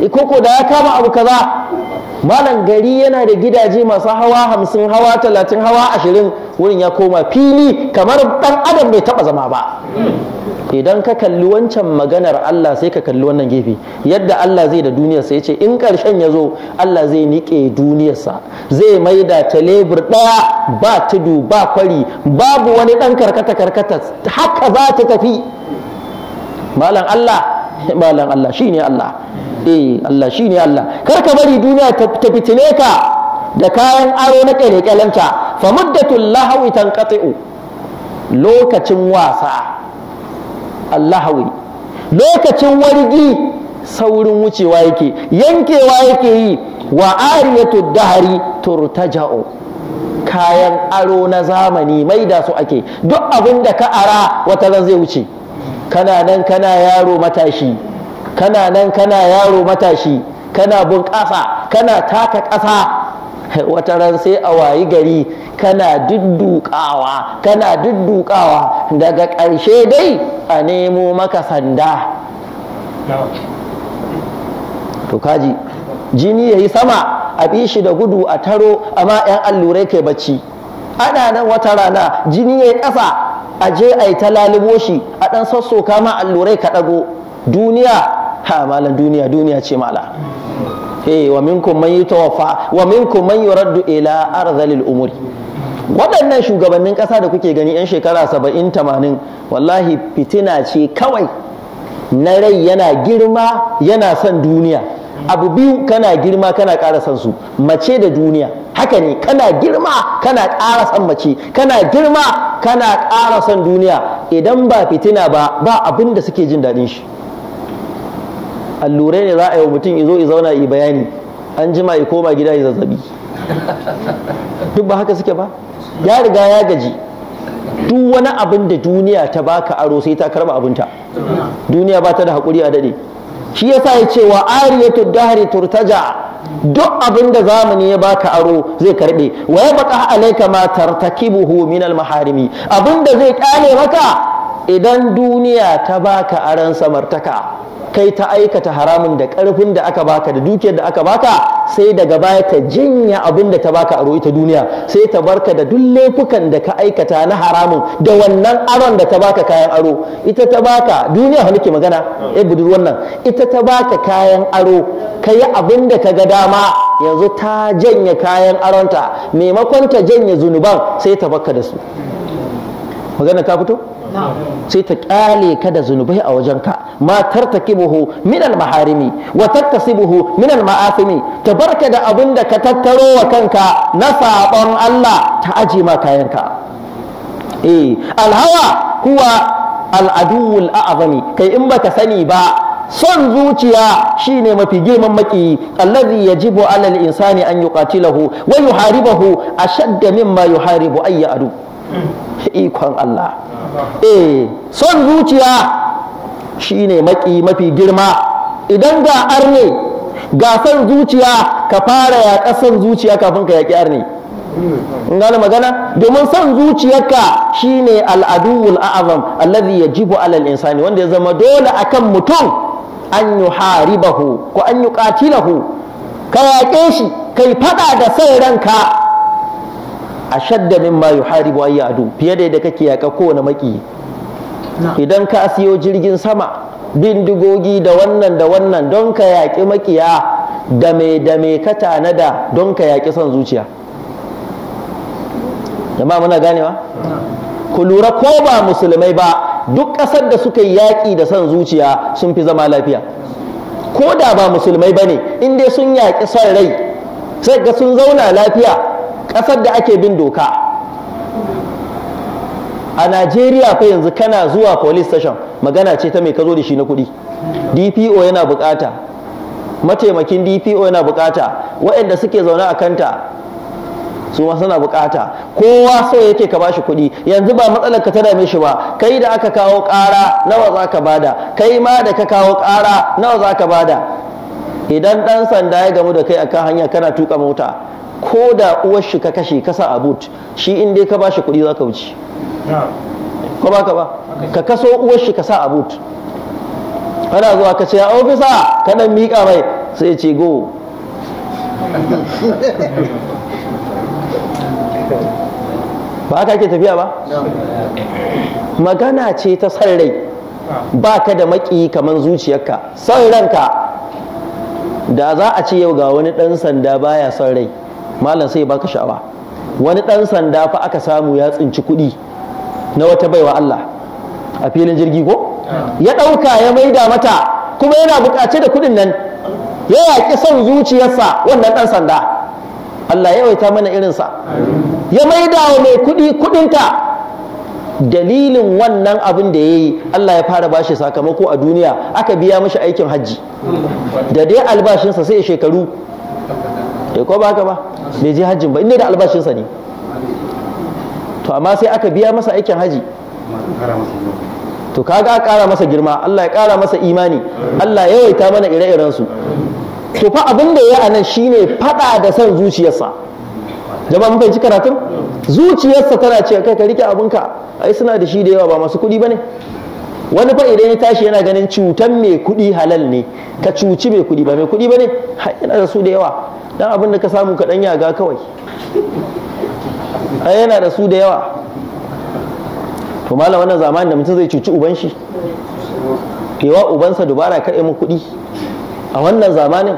ikoko da ya kama abu kaza malam gari yana da gidaje masu hawa hamsin hawa talatin hawa ashirin wurin ya koma fili kamar dan adam bai taba zama ba idan ka kalli wancan maganar Allah sai ka kalli wannan gefe yadda Allah zai da duniyarsa ya ce in karshen ya zo Allah zai niƙe duniyarsa zai maida ta lebur ɗaya ba tudu ba kwari babu wani dan karkata karkata haka za ta tafi malam Allah malam Allah shine Allah eh Allah shine Allah kar ka bari duniya ta fitine ka da kayan aro na kalanta fa muddatul lahawi tanqati'u lokacin wasa allahawi lokacin wargi saurin wucewa yake yankewa yake yi wa ariyatu dahari turtaja'u kayan aro na zamani mai da su ake duk abin da ka ara wata zan zai wuce kana nan kana yaro matashi kana nan kana yaro matashi kana bunƙasa kana taka ƙasa wata ran sai a wayi gari kana dudduƙawa, kana dudduƙawa daga ƙarshe dai a nemo maka sanda to kaji jini ya yi sama a bi shi da gudu a taro amma 'yan allurai kai bacci ana nan wata rana jini ya yi ƙasa a je a yi ta lalubo shi a ɗan sassoka ma allurai ka ɗago duniya ha malam duniya duniya ce mala wa minkum man yutawaffa wa minkum man yuraddu ila arzalil umuri waɗannan shugabannin ƙasa da kuke gani 'yan shekara saba'in tamanin wallahi fitina ce kawai na rai yana girma yana son duniya abu biyu kana girma kana ƙara son su mace da duniya haka ne kana girma kana ƙara son mace kana girma kana ƙara son duniya idan ba fitina ba ba abin da suke jin daɗin shi allurai ne za a yi mutum izo i zauna i bayani an jima i koma gida i zazzabi duk ba haka suke ba ya riga ya gaji duk wani abin da duniya ta baka aro sai ta karba abinta duniya ba ta da haƙuri a daɗe shi yasa ya ce wa ariyatu dahri turtaja duk abin da zamani ya baka aro zai karbe wa ya baka alaika ma tartakibuhu min al maharimi abin da zai kyale maka idan duniya ta baka aron samartaka kai ta aikata haramun da karfin da aka baka da dukiyar da aka baka sai daga baya ta jinya abin da ta baka aro ita duniya sai ta barka da duk laifukan da ka aikata na haramun da wannan aron da ta baka kayan aro ita ta baka duniya fa ke magana eh budur wannan ita ta baka kayan aro kai abin da ka ga dama yanzu ta janye kayan aronta maimakon ta janye zunuban sai ta baka da su magana ta fito sai ta kyale ka da zunubai a wajenka ma tartakibuhu min al-maharimi wa tattasibuhu min al-ma'asimi barka da abin da ka tattaro wa kanka na sabon Allah ta aje ma kayanka eh alhawa huwa al-aduwwul a'zami kai in baka sani ba son zuciya shine mafi girman maki allazi yajibu alal insani an yuqatilahu wa yuharibahu ashadd mimma yuharibu ayya adu hmm. ikon Allah eh son zuciya shine maki mafi girma idan ga arne ga son zuciya ka fara ya son zuciya kafin ka yaki arne gane magana domin son zuciyarka shine al'aduwul a'azam allazi yajibu alal insani wanda ya zama dole akan mutum an yi haribahu ko an yi ƙatilahu ka yaƙe shi ka yi faɗa da sai ranka a shadda min ma yuharibu ay yadu fiye da yadda kake yaƙa kowane maki idan ka siyo jirgin sama bindigogi da wannan da wannan don ka yaƙi makiya da mai da mai ka tanada don ka yaƙi son zuciya jama'a muna ganewa ku lura ko ba musulmai ba duk ƙasar da suka yi yaƙi da son zuciya sun fi zama lafiya ko da ba musulmai ba ne in dai sun yaƙi son rai sai ga sun zauna lafiya ƙasar da ake bin doka a najeriya fa yanzu kana zuwa police station magana ce ta mai kazo da shi na kuɗi dpo yana bukata mataimakin dpo yana bukata waɗanda suke zaune a kanta su ma suna bukata kowa so yake ka bashi kuɗi yanzu ba matsalar ka ta dame shi ba kai da aka kawo ƙara nawa za ka bada kai ma da ka kawo ƙara nawa za ka bada idan dan sanda ya gamu da kai akan hanya kana tuka mota ko da uwar shi ka kashe ka sa a boot shi in dai ka bashi kuɗi za ka wuce ko ba ka ba ka kaso uwar shi ka sa a boot ana zuwa ka ce a ofisa ka dan miƙa mai sai ce go ba haka ake tafiya ba magana ce ta san rai ba ka da maki kamar zuciyarka san ranka da za a ce yau ga wani ɗan sanda baya son rai malam sai ba ka sha'awa wani ɗan sanda fa aka samu ya tsinci kuɗi na wata baiwa Allah a filin jirgi ko ya ɗauka ya maida mata kuma yana buƙace da kuɗin nan ya yaƙi son zuciyarsa wannan ɗan sanda Allah ya yawaita mana irinsa ya maida wa mai kuɗi kuɗinta dalilin wannan abin da ya yi Allah ya fara bashi sakamako a duniya aka biya mashi aikin hajji da dai albashinsa sai shekaru da ko ba ba bai je hajjin ba inda da albashinsa ne to amma sai aka biya masa aikin hajji to kaga a ƙara masa girma Allah ya ƙara masa imani Allah ya yawaita mana ire-irensu to fa abin da ya yi a nan shine faɗa da son zuciyarsa jama'a mun fahimci karatun zuciyarsa tana ce kai ka rike abinka ai suna da shi da yawa ba masu kuɗi ne? wani fa idan ya tashi yana ganin cutan mai kuɗi halal ne ka cuci mai kuɗi ba mai kuɗi ne yana da su da yawa dan abin da ka samu ka ɗan yaga kawai ai yana da su da yawa to malam wannan zamanin da mutum zai cuci uban shi kewa ubansa dubara kaɗai mu kuɗi a wannan zamanin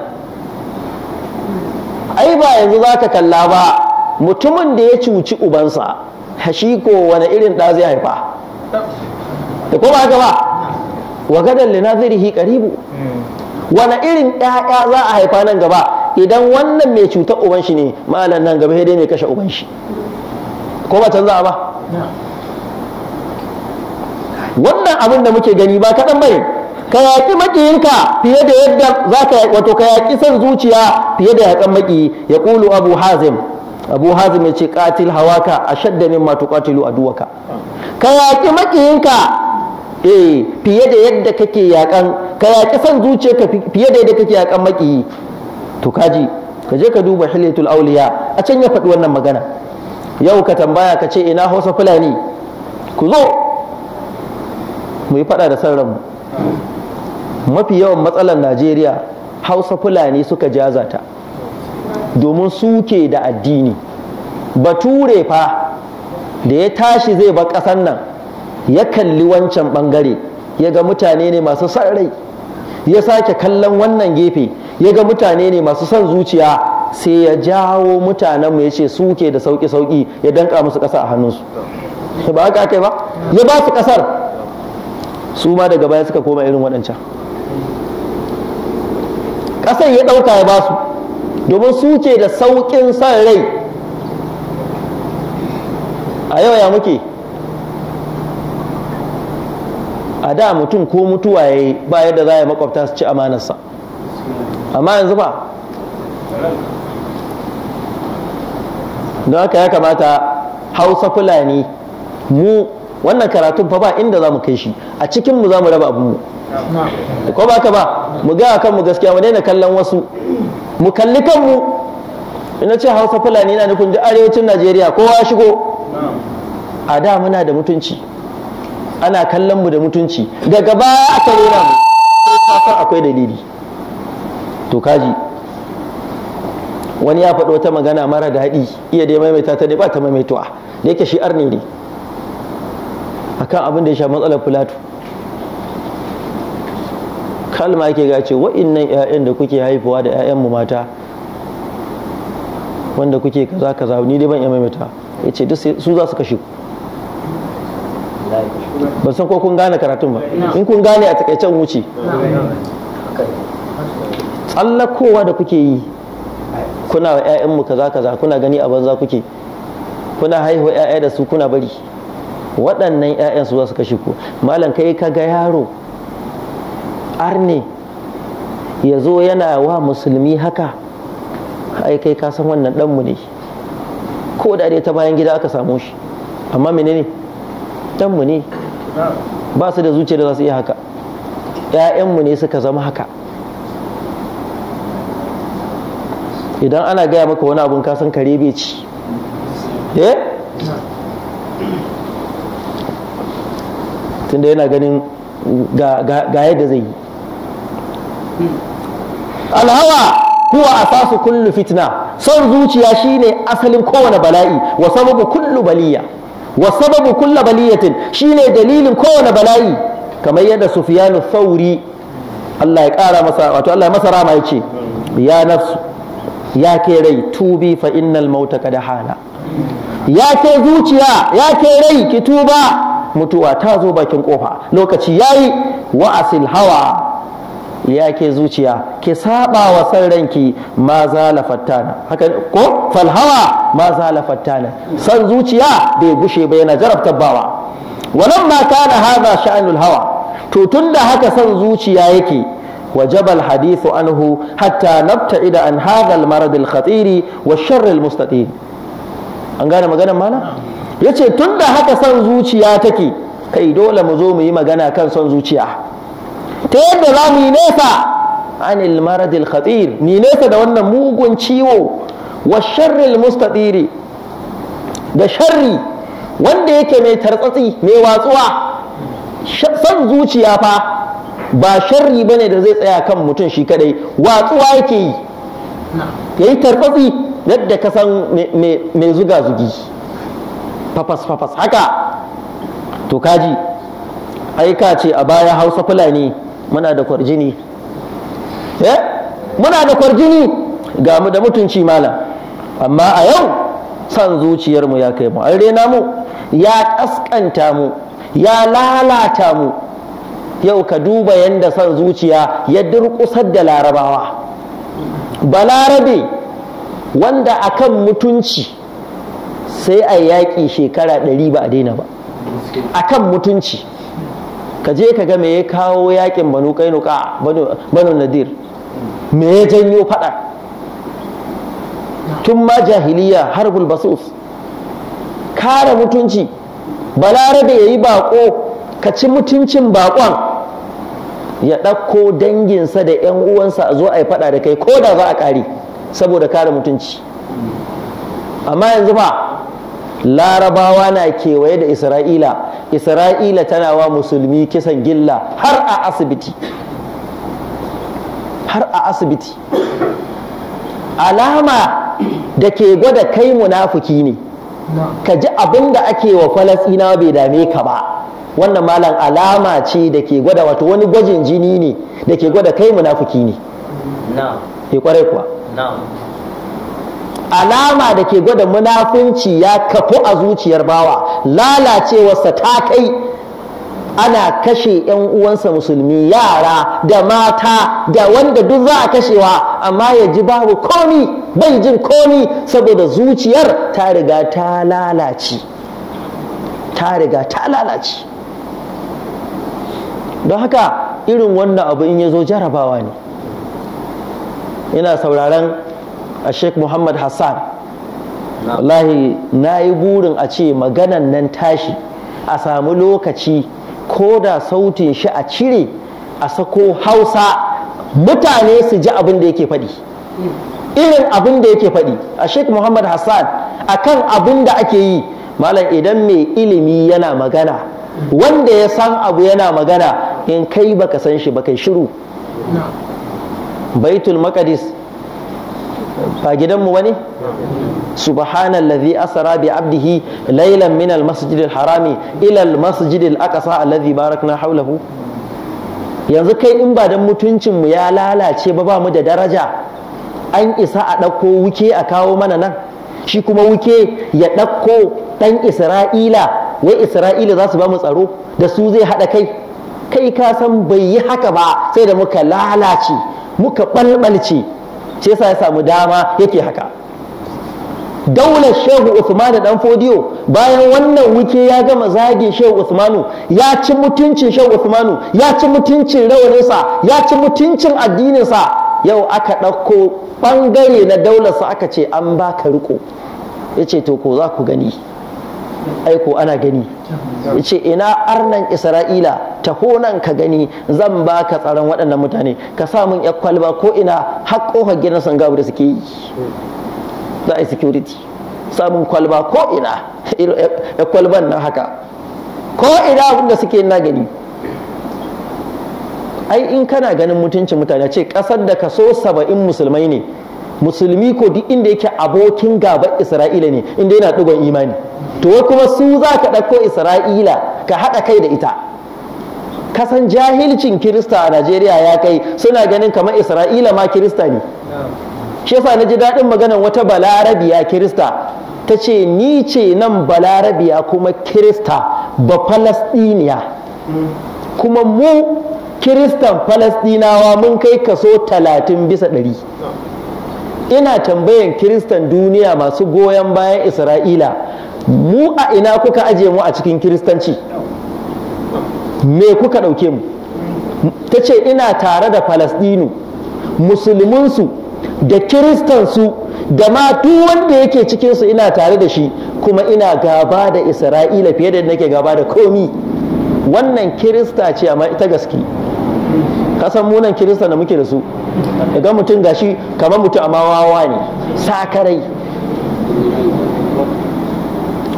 ai ba yanzu za ka kalla ba mutumin da ya cuci ubansa shi ko wani irin ɗa zai haifa da kuma haka ba wa gadan li nadhirihi qaribu wani irin ɗaya za a haifa nan gaba idan wannan mai cutar uban shi ne malam nan gaba dai mai kashe uban shi ko ba canza ba wannan abin da muke gani ba kaɗan bane ka yaƙi maƙiyinka fiye da yadda za ka wato ka yaƙi son zuciya fiye da yaƙan maki ya ƙulu abu hazim abu hazim ya ce katil hawaka min ma tuqatilu aduwaka ka yaƙi makiyinka eh fiye da yadda kake yaƙan ka yaƙi son zuciyarka fiye da yadda kake yaƙan makiyi to kaji ka je ka duba hilatul auliya a can ya faɗi wannan magana yau ka tambaya ka ce ina hausa fulani ku zo mu yi faɗa da san mafi yawan matsalar najeriya hausa fulani suka jaza ta domin suke da addini bature fa da ya tashi zai ba ƙasan nan ya kalli wancan ɓangare ya ga mutane ne masu sarrai ya sake kallon wannan gefe ya ga mutane ne masu son zuciya sai ya jawo mutanenmu ya ce suke da sauƙi-sauƙi ya danka musu ƙasa a hannunsu ba aka kai ba ya ba su ƙasar su ma daga baya suka koma irin waɗancan ƙasar ya ɗauka ya ba su domin su ke da sauƙin son rai a yau ya muke a da mutum ko mutuwa ya yi ba yadda za a yi makwabta su ci amanarsa amma yanzu ba don haka ya kamata hausa fulani mu wannan karatun fa ba inda za mu kai shi a cikinmu za mu raba abinmu ko ba ka ba mu ga kan gaskiya mu daina kallon wasu mu kalli kanmu ina ce hausa fulani na nufin duk arewacin najeriya kowa ya shigo a da muna da mutunci ana kallon mu da mutunci daga baya tare nuna mu sai akwai dalili to kaji wani ya faɗi wata magana mara daɗi iya dai maimaita ta dai ta maimaituwa da yake shi ne ne akan abin da ya sha matsalar fulatu kalma yake ga ce wa'innan 'ya'yan da kuke haifuwa da 'ya'yan mu mata wanda kuke kaza kaza ni dai ban iya maimaita ya ce duk su za su kashe ku ban san ko kun gane karatun ba in kun gane a takaicen wuce tsallakowa da kuke yi kuna wa 'ya'yanmu kaza kaza kuna gani a banza kuke kuna haihuwa 'ya'ya da su kuna bari waɗannan 'ya'yan su za su kashe ku malam kai ka ga yaro arne ya zo yana wa musulmi haka ai kai ka san wannan ɗanmu ne ko da dai ta bayan gida aka samu shi amma menene ɗanmu ne ba su da zuciya da za su iya haka ‘ya'yanmu ne suka zama haka idan ana gaya maka wani abun kasan kare bai ci eh tunda yana ganin ga yadda zai yi alhawa huwa asasu kullu fitna son zuciya shine asalin kowane bala'i wa sababu kullu baliya wa sababu kullu baliyatin shine dalilin kowane bala'i kamar yadda sufyanu thauri Allah ya kara masa wato Allah ya masa rama yace ya nafsu ya ke rai tubi fa innal mauta kada hala ya ke zuciya ya ke rai ki tuba mutuwa ta zo bakin kofa lokaci yayi wa asil hawa ya ke zuciya ke saba wa san ranki ma zala fattana haka ko falhawa ma zala fattana san zuciya bai gushe ba yana jarabtar bawa walan ma kana hadha sha'anul hawa to tunda haka san zuciya yake وجب الحديث عنه حتى نبتعد عن هذا المرض الخطير والشر المستطيل an gane maganar mana ya ce tun da haka son zuciya take kai dole mu zo mu yi magana kan son zuciya ta yadda za mu yi nesa an ilmaradil khatir ni nesa da wannan mugun ciwo wa sharril mustatiri da sharri wanda yake mai tartsatsi mai watsuwa san zuciya fa ba sharri bane da zai tsaya kan mutum shi kadai watsuwa yake yi yayi tartsatsi yadda ka san mai zuga zugi fafas fafas haka to kaji aika ce a baya hausa fulani muna da kwarjini eh muna da kwarjini ga mu da mutunci malam amma a yau san zuciyarmu ya kai mu an rena mu ya kaskanta mu ya lalata mu yau ka duba yadda san zuciya ya durƙusar da larabawa balarabe wanda akan mutunci sai a yaƙi shekara ɗari ba a daina ba akan mutunci ka je ka ga me ya kawo yakin banu kainuka banu nadir me ya janyo fada tun ma jahiliya harbul basus kare mutunci balarabe ya yi bako ka ci mutuncin bakon ya ɗauko danginsa da 'yan uwansa a zo a yi faɗa da kai ko da za a ƙare saboda kare mutunci amma yanzu ba larabawa na kewaye da isra'ila isra'ila tana wa musulmi kisan gilla har a asibiti har a asibiti alama da ke gwada kai munafuki ne ka ji abin da ake wa falasina bai dame ka ba wannan malam alama ce da ke gwada wato wani gwajin jini ne da ke gwada kai munafuki ne ke eh, kwarai kuwa alama da ke gwada munafunci ya kafu a zuciyar bawa lalacewarsa ta kai ana kashe 'yan uwansa musulmi yara da mata da wanda duk za a kashewa amma ya ji babu komi bai jin komi saboda zuciyar ta riga ta lalace ta riga ta lalace don haka irin wannan abu in ya zo jarabawa ne yana sauraron a sheikh muhammad hassan wallahi na yi burin a ce maganan nan tashi a samu lokaci ko da sautin shi a cire a sako hausa mutane su ji abin da yake faɗi irin abin da yake faɗi a sheik muhammad hassan akan abin da ake yi malam idan mai ilimi yana magana wanda ya san abu yana magana in kai baka san shi baka shiru baitul maqdis ba gidanmu bane lazi asra bi abdihi laylan min almasjidil harami ila almasjidil aqsa barak na hawlahu yanzu kai in ba dan mutuncin mu ya lalace ba ba mu da daraja an isa a ɗauko wuke a kawo mana nan shi kuma wuke ya ɗauko ɗan isra'ila wai isra'ila za su ba mu tsaro da su zai haɗa kai kai ka san bai yi haka ba sai da muka lalace muka ɓalɓalce shi yasa ya samu dama yake haka daular shehu usman dan fodiyo bayan wannan wuce ya gama zage shehu usmanu ya ci mutuncin shehu usmanu ya ci mutuncin rawaninsa ya ci mutuncin addininsa yau aka ɗauko ɓangare na daularsa aka ce an baka riko ya ce to ko za ku gani aiko ana gani ya ce ina arnan isra'ila taho nan ka gani zan baka tsaron waɗannan mutane ka sa mun yar kwalba ko ina har kofar gidan sun gabu da suke yi za a yi security samun kwalba ko ina ya kwalban nan haka ko ina abinda suke na gani ai in kana ganin mutuncin mutane ce ƙasar da kaso saba'in musulmai ne musulmi ko duk inda yake abokin gaban isra'ila ne inda yana ɗigon imani to kuma su za ka ɗauko isra'ila ka haɗa kai da ita kasan jahilcin kirista a najeriya ya kai suna ganin kamar isra'ila ma kirista ne shi yasa na ji daɗin maganar wata balarabiya kirista ta ce ni ce nan balarabiya kuma kirista ba Falasɗiniya? kuma mu kiristan Falasɗinawa mun kai kaso talatin bisa ɗari ina tambayan kiristan duniya masu goyon bayan isra'ila mu a ina kuka ajiye mu a cikin kiristanci me kuka ɗauke mu ta ce ina tare da falasɗinu musulminsu da kiristansu da ma duk wanda yake cikinsu ina tare da shi kuma ina gaba da isra'ila fiye da nake gaba da komi wannan kirista ce amma ita gaske kasan munan kirista da muke da su daga mutum gashi kamar mutum amma wawa ne sakarai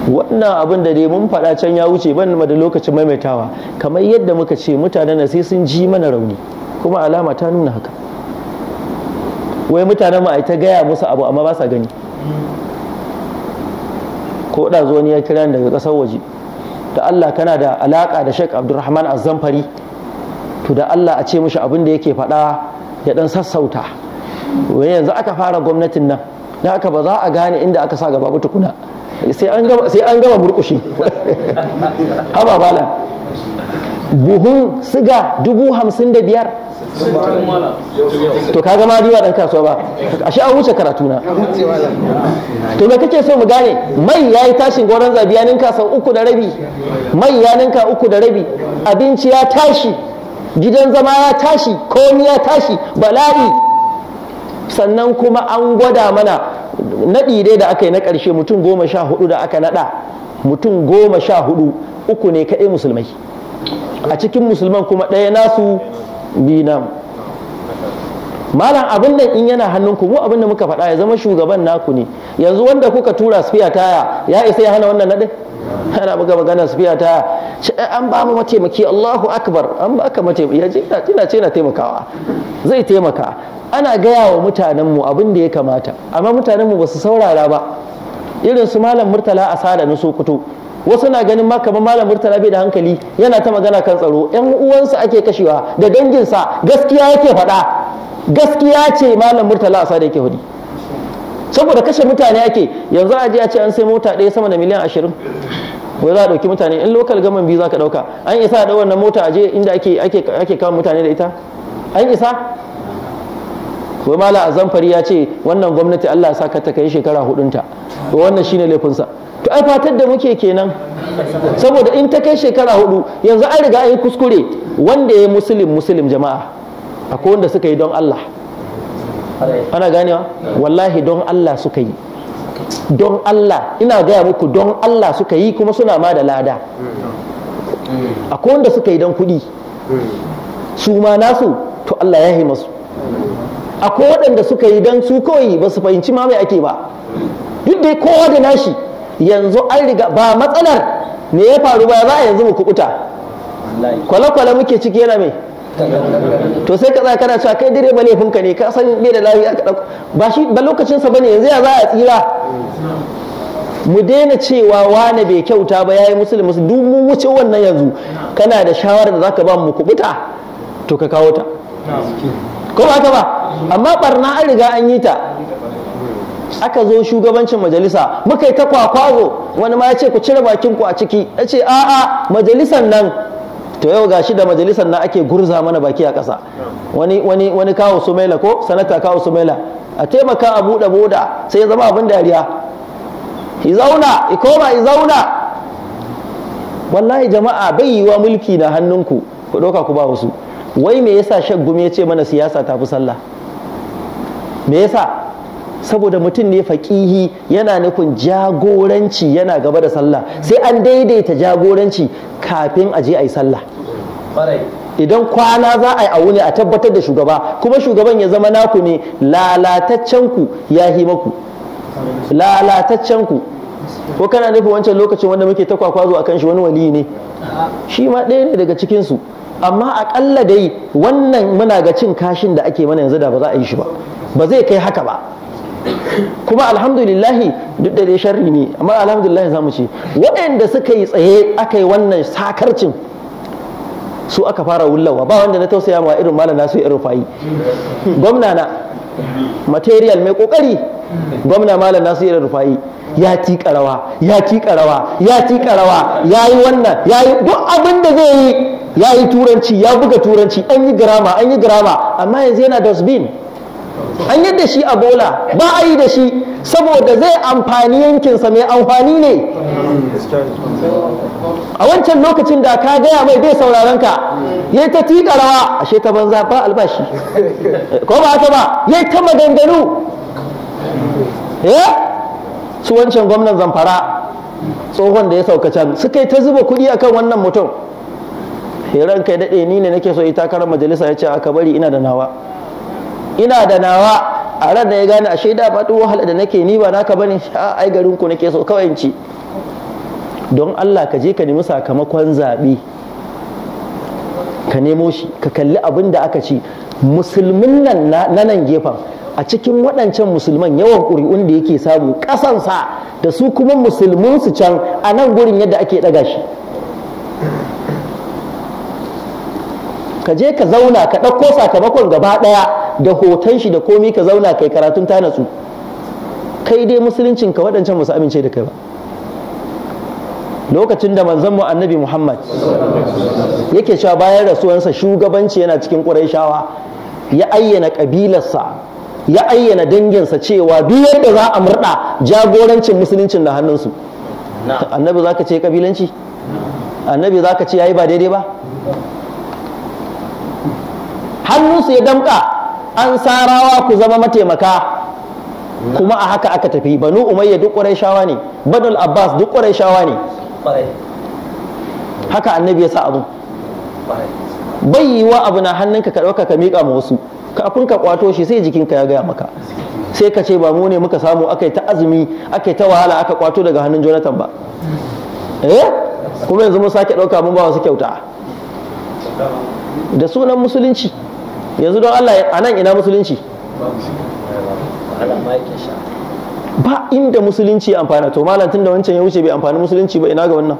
wannan abin da dai mun faɗa can ya wuce ban da lokacin maimaitawa kamar yadda muka ce mutanen na sai sun ji mana rauni kuma alama ta nuna haka wai mutanen ma ta gaya musu abu amma ba sa gani ko da zuwa ya kira daga ƙasar waje da Allah kana da alaƙa da Sheikh Abdulrahman Azzamfari to da Allah a ce mishi abin da yake faɗa ya ɗan sassauta wai yanzu aka fara gwamnatin nan Na aka ba za a gane inda aka sa gaba ba tukuna sai an gama burkushi haba bala buhun siga dubu hamsin da biyar to ka gama diwa ɗan kasuwa ba ashe an wuce karatuna. to me kake so mu gane mai ya yi tashin goron zabi ya ninka sau uku da rabi mai ya ninka uku da rabi abinci ya tashi gidan zama ya tashi komi ya tashi bala'i sannan kuma an gwada mana naɗi dai da aka yi na ƙarshe mutum goma sha hudu da aka naɗa mutum goma sha hudu uku ne kaɗai musulmai a cikin musulman kuma ɗaya nasu bina malam abin nan in yana hannunku mu abin da muka faɗa ya zama shugaban naku ne yanzu wanda kuka tura spiya taya ya isa ya hana wannan naɗin yana buga magana su biya ta eh, an ba mu mataimaki Allahu akbar an ba ka mataimaki ya ce ina ce na taimakawa zai taimaka ana gaya wa mutanen mu abin da ya kamata amma mutanenmu ba su saurara ba irin su malam murtala a sada na sokoto wasu na ganin ma kamar malam murtala bai da hankali yana ta magana kan tsaro yan uwansa ake kashewa da danginsa gaskiya yake faɗa gaskiya ce malam murtala a sada yake faɗi saboda kashe mutane ake yanzu a ce an sai mota ɗaya sama da miliyan ashirin wai za a ɗauki mutane in lokal gaman biyu za ka ɗauka an isa a ɗau wannan mota a je inda ake kawo mutane da ita an isa wai mala a zamfari ya ce wannan gwamnati Allah sa ta kai shekara hudunta Wa wannan shine laifinsa to ai fatar da muke kenan saboda in ta kai shekara hudu yanzu an riga an yi kuskure wanda ya Yi musulun musulun jama'a akwai wanda suka yi don Allah ana ganewa wallahi don Allah suka yi don Allah ina gaya muku don Allah suka yi kuma suna ma da lada akwai wanda suka yi don kudi, su ma nasu to Allah ya yi masu akwai waɗanda suka yi don su kawai ba su fahimci ma mai ake ba duk da kowa da nashi yanzu an riga ba matsalar ne ya faru ba za a yanzu mu kukuta kwale-kwale muke ciki yana mai to sai ka kana cewa kai direba laifin ne ka san bai da lafiya ka dauko ba shi ba lokacinsa bane yanzu ya za a tsira mu daina cewa wane bai kyauta ba yayi musulmi musu duk mu wuce wannan yanzu kana da shawarar da zaka ba mu kubuta to ka kawo ta ko ba ka ba amma barna an riga an yi ta aka zo shugabancin majalisa muka yi ta kwakwazo wani ma ya ce ku cire bakin ku a ciki ya ce a'a majalisan nan to yau ga shi da majalisar na ake gurza mana baki a ƙasa wani wani wani kawo sumaila ko sanata kawo sumaila a taimaka a buɗe buɗa sai ya zama abin dariya i zauna i koma i zauna wallahi jama'a bai yi wa mulki na hannunku ku ɗauka ku ba wasu wai me yasa shaggumi ya ce mana siyasa ta fi sallah me yasa saboda mutum ne faƙihi yana nufin jagoranci yana gaba da sallah sai an daidaita jagoranci kafin a je a yi sallah idan kwana za a yi a ne a tabbatar da shugaba kuma shugaban ya zama naku ne lalataccen ku ya hi maku lalataccen ku ko kana nufin wancan lokacin wanda muke ta kwakwazo kan shi wani wali ne shi ma ɗaya ne daga cikinsu amma aƙalla dai wannan muna ga cin kashin da ake mana yanzu da ba za a yi shi ba ba zai kai haka ba kuma alhamdulillahi duk da sharri ne amma alhamdulillahi za mu ce waɗanda suka yi tsaye aka yi wannan sakarcin su aka fara wullawa ba wanda na tausaya ma irin malam nasu irin fayi gwamna na material mai kokari gwamna malam nasu irin fayi ya tika rawa ya tika rawa ya tika rawa ya yi wannan ya yi duk abin da zai yi ya yi turanci ya buga turanci an yi girama an yi girama amma yanzu yana dustbin an da shi a bola ba a yi da shi saboda zai amfani yankinsa mai amfani ne a wancan lokacin da ka gaya mai bai sauraron ka ya ta tiƙa rawa ashe ta banza ba albashi ko ba haka ba ya ta maganganu ya eh? su wancan gwamnan zamfara tsohon da ya sauka can suka yi ta zuba kuɗi akan wannan mutum heran eh, kai daɗe ni ne nake so ita takarar majalisa ya ce aka bari ina da nawa ina da nawa a ran da ya gane ashe shaida faɗi wahala da nake ni ba naka bane a ai garin ku nake so kawai in ci don Allah ka je ka nemi sakamakon zaɓe ka nemo shi ka kalli abin da aka ci musulmin nan na nan gefen a cikin waɗancan musulman yawan ƙuri'un da yake samu ƙasansa da su kuma musulmin su can a nan gurin yadda ake ɗaga shi ka je ka zauna ka ɗauko sakamakon gaba ɗaya da hoton shi da komi ka zauna kai karatun ta natsu kai dai musuluncin ka waɗancan ba su amince da kai ba lokacin da manzon mu annabi Muhammad yake cewa bayan rasuwansa shugabanci yana cikin Qurayshawa ya ayyana ƙabilarsa ya ayyana danginsa cewa duk yadda za a murda jagorancin musuluncin da hannunsu annabi zaka ce kabilanci annabi zaka ce yayi ba daidai ba hannunsu ya damka an sarawa ku zama mataimaka kuma a haka aka tafi banu umayya duk shawa ne banul abbas duk shawa ne haka annabi ya sa abu bai wa abu na hannunka ka ɗauka ka miƙa ma wasu kafin ka kwato shi sai jikinka ya gaya maka sai ka ce ba mu ne muka samu aka yi ta azumi aka yi ta wahala aka kwato daga hannun jonathan ba eh kuma yanzu mun sake ɗauka mun ba wasu kyauta da sunan musulunci yanzu don Allah a nan ina musulunci ba inda musulunci amfana to malam tun da wancan ya wuce bai amfani musulunci ba ina ga wannan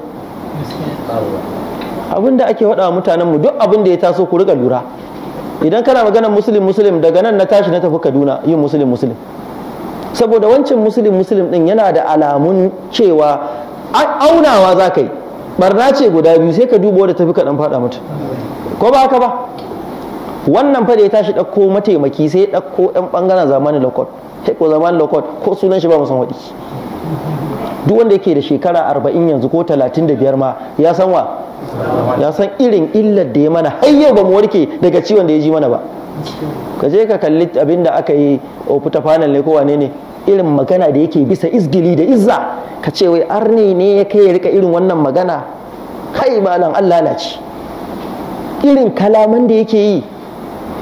abin da ake faɗa wa mutanen mu duk abin da ya taso ku riga lura idan kana maganar musulun musulun daga nan na tashi na tafi kaduna yin musulun musulun saboda wancan musulun musulun din yana da alamun cewa aunawa za ka yi barna ce guda biyu sai ka duba wadda tafi ka dan faɗa mata ko ba haka ba wannan fa da ya tashi ɗauko mataimaki sai ya ɗauko ɗan ɓangaren zamani lokot ko zamani lokot ko sunan shi ba mu san waɗi duk wanda yake da shekara arba'in yanzu ko talatin da biyar ma ya san wa ya san irin illar da ya mana har yau ba mu warke daga ciwon da ya ji mana ba ka je ka kalli abin da aka yi fita fanal ne ko wane ne irin magana da yake bisa izgili da izza ka ce wai arne ne ya kai ya rika irin wannan magana kai malam Allah lalace irin kalaman da yake yi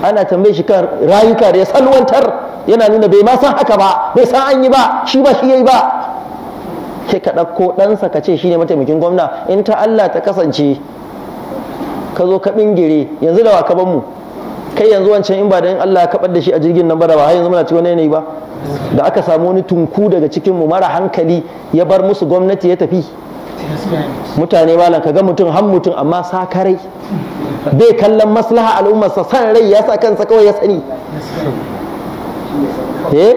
ana tambaye shi kan rayuka da ya salwantar yana nuna bai ma san haka ba bai san an yi ba shi ba shi yayi ba Ke ka ɗauko ɗansa ka ce shine mataimakin gwamna in ta Allah ta kasance ka zo ka bingire yanzu da wa ka kai yanzu wancan in ba da in Allah ya kabar da shi a jirgin nan ba da ba har yanzu muna ci wani yanayi ba da aka samu wani tunku daga cikin mu mara hankali ya bar musu gwamnati ya tafi mutane malam ka ga mutum han mutum amma sakarai bai kallon maslaha al'ummarsa san rai ya sa kansa kawai ya sani eh?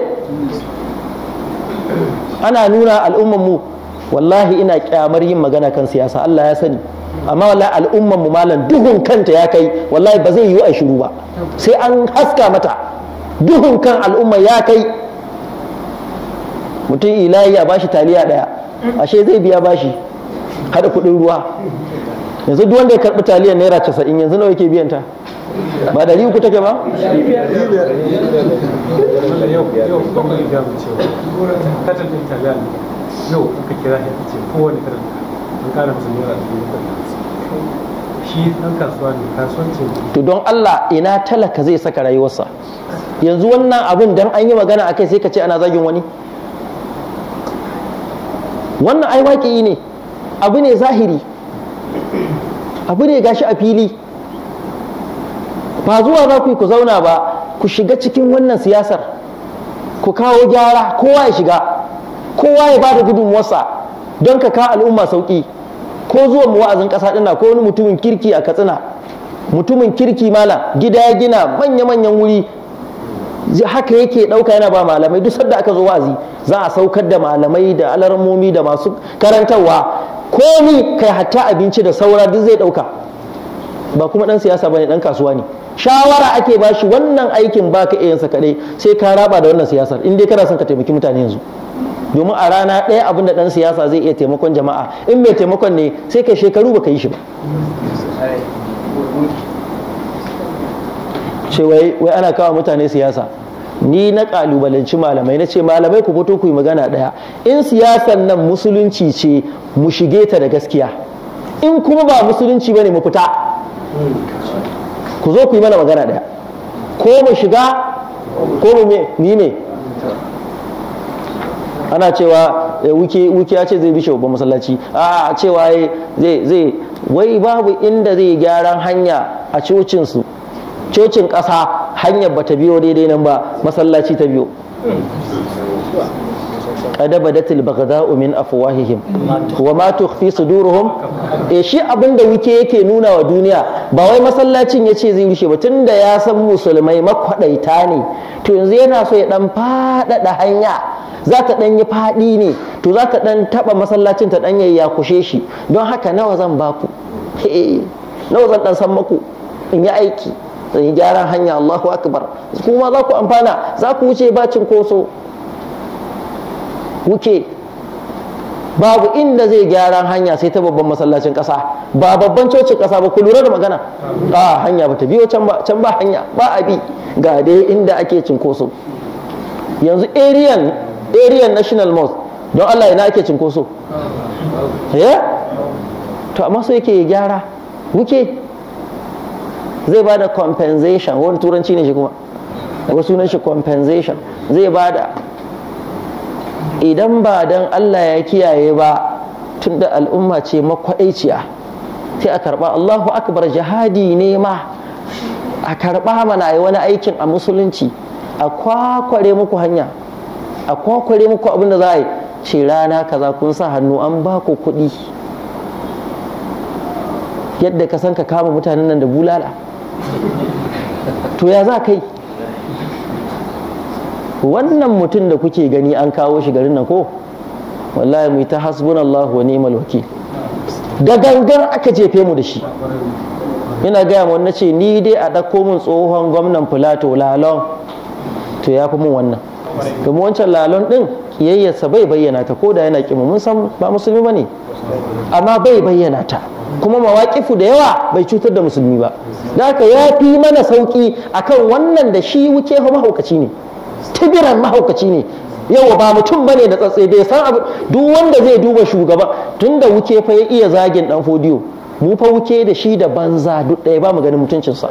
ana nuna al'ummar mu wallahi ina kyamar yin magana kan siyasa Allah ya sani amma wallahi al'ummar mu malam duhun kanta ya kai wallahi ba zai yi a shiru ba sai an haska mata duhun kan al'umma ya kai mutum ilahi a bashi taliya daya ashe zai biya bashi hada kuɗin ruwa yanzu duk wanda ya karɓi taliyar naira casa'in yanzu nawa yake biyan ta ba dari uku take ba to don Allah ina talaka zai saka rayuwarsa yanzu wannan abin dan an yi magana akai sai ka ce ana zagin wani wannan ai waƙi ne abu ne zahiri abu ne gashi a fili ba zuwa za ku yi ku zauna ba ku shiga cikin wannan siyasar ku kawo gyara kowa ya shiga kowa ya ba da gudun gudunmuwarsa don ka ka al'umma sauƙi ko zuwa mu wa'azin ƙasa ɗina ko wani mutumin kirki a katsina mutumin kirki mala gida ya gina manya-manyan wuri haka yake ɗauka yana ba malamai duk sadda aka zo wa'azi za a saukar da malamai da alarmomi da masu karantarwa komi kai hatta abinci da saura duk zai ɗauka ba kuma ɗan siyasa ba ne ɗan kasuwa ne shawara ake ba shi wannan aikin ba ka iyansa kaɗai sai ka raba da wannan siyasar in dai kana son ka taimaki mutane yanzu domin a rana ɗaya abin da ɗan siyasa zai iya taimakon jama'a in mai taimakon ne sai ka shekaru ba ka yi shi ba ce wai ana kawo mutane siyasa ni na kalubalanci malamai na ce malamai ku fito ku yi magana ɗaya in siyasan nan musulunci ce mu shige ta da gaskiya in kuma ba musulunci bane mu fita ku zo ku yi mana magana ɗaya ko mu shiga ko mu ni ne? ana cewa wuki eh, wuki ya ce zai bishe babban masallaci a cewa zai zai wai babu inda zai gyaran hanya a su cocin ƙasa hanyar bata biyo daidai nan ba masallaci ta biyo qad badatil baghdha'u umin afuwahihim wa ma tukhfi suduruhum E shi abinda wuke yake nuna wa duniya ba wai masallacin yace zai rushe ba tunda ya san musulmai makwadaita ne to yanzu yana so ya dan fadada hanya za ta dan yi fadi ne to za ta dan taba masallacin ta dan yayya kushe shi don haka nawa zan baku nawa zan dan san maku in yi aiki zan eh, yi gyaran hanya Allahu akbar kuma za ku amfana za ku wuce bacin koso wuke babu inda zai gyaran hanya sai ta babban masallacin ƙasa ba babban cocin ƙasa ba ku lura da magana ba ah, hanya ba ta biyo can ba hanya ba a bi ga dai inda ake cinkoso yanzu arian arian national mosque don allah ina ake cinkoso ya eh? to amma sai yake gyara wuke zai ba da compensation wani turanci ne shi kuma daga sunan shi compensation zai ba da idan ba dan Allah ya kiyaye ba tunda al'umma ce makwaɗaiciya sai a karɓa Allahu akbar jihadi ne ma a karɓa mana yi wani aikin a musulunci a kwakware muku hanya a kwakware muku abin da za a yi ce rana kaza kun sa hannu an ba ku kuɗi yadda ka san ka kama mutanen nan da bulala to ya za kai wannan mutum da kuke gani an kawo shi garin nan ko wallahi mu ta hasbunallahu wa ni'mal wakil da gangan aka jefe mu da shi Ina gaya mu wannan ce ni dai a ɗauko mun tsohon gwamnan filato lalon to ya fi mun wannan kuma wancan lalon ɗin kiyayyarsa bai bayyana ta ko da yana kima mun san ba musulmi bane amma bai bayyana ta kuma mawaƙifu da yawa bai cutar da musulmi ba da haka ya fi mana sauƙi akan wannan da shi wuke mahaukaci ne tibiran mahaukaci ne yawa ba mutum bane da tsatse bai san abu duk wanda zai duba shugaba tunda wuce fa ya iya zagin dan fodiyo mu fa wuce da shi da banza duk ɗaya ba mu ganin mutuncinsa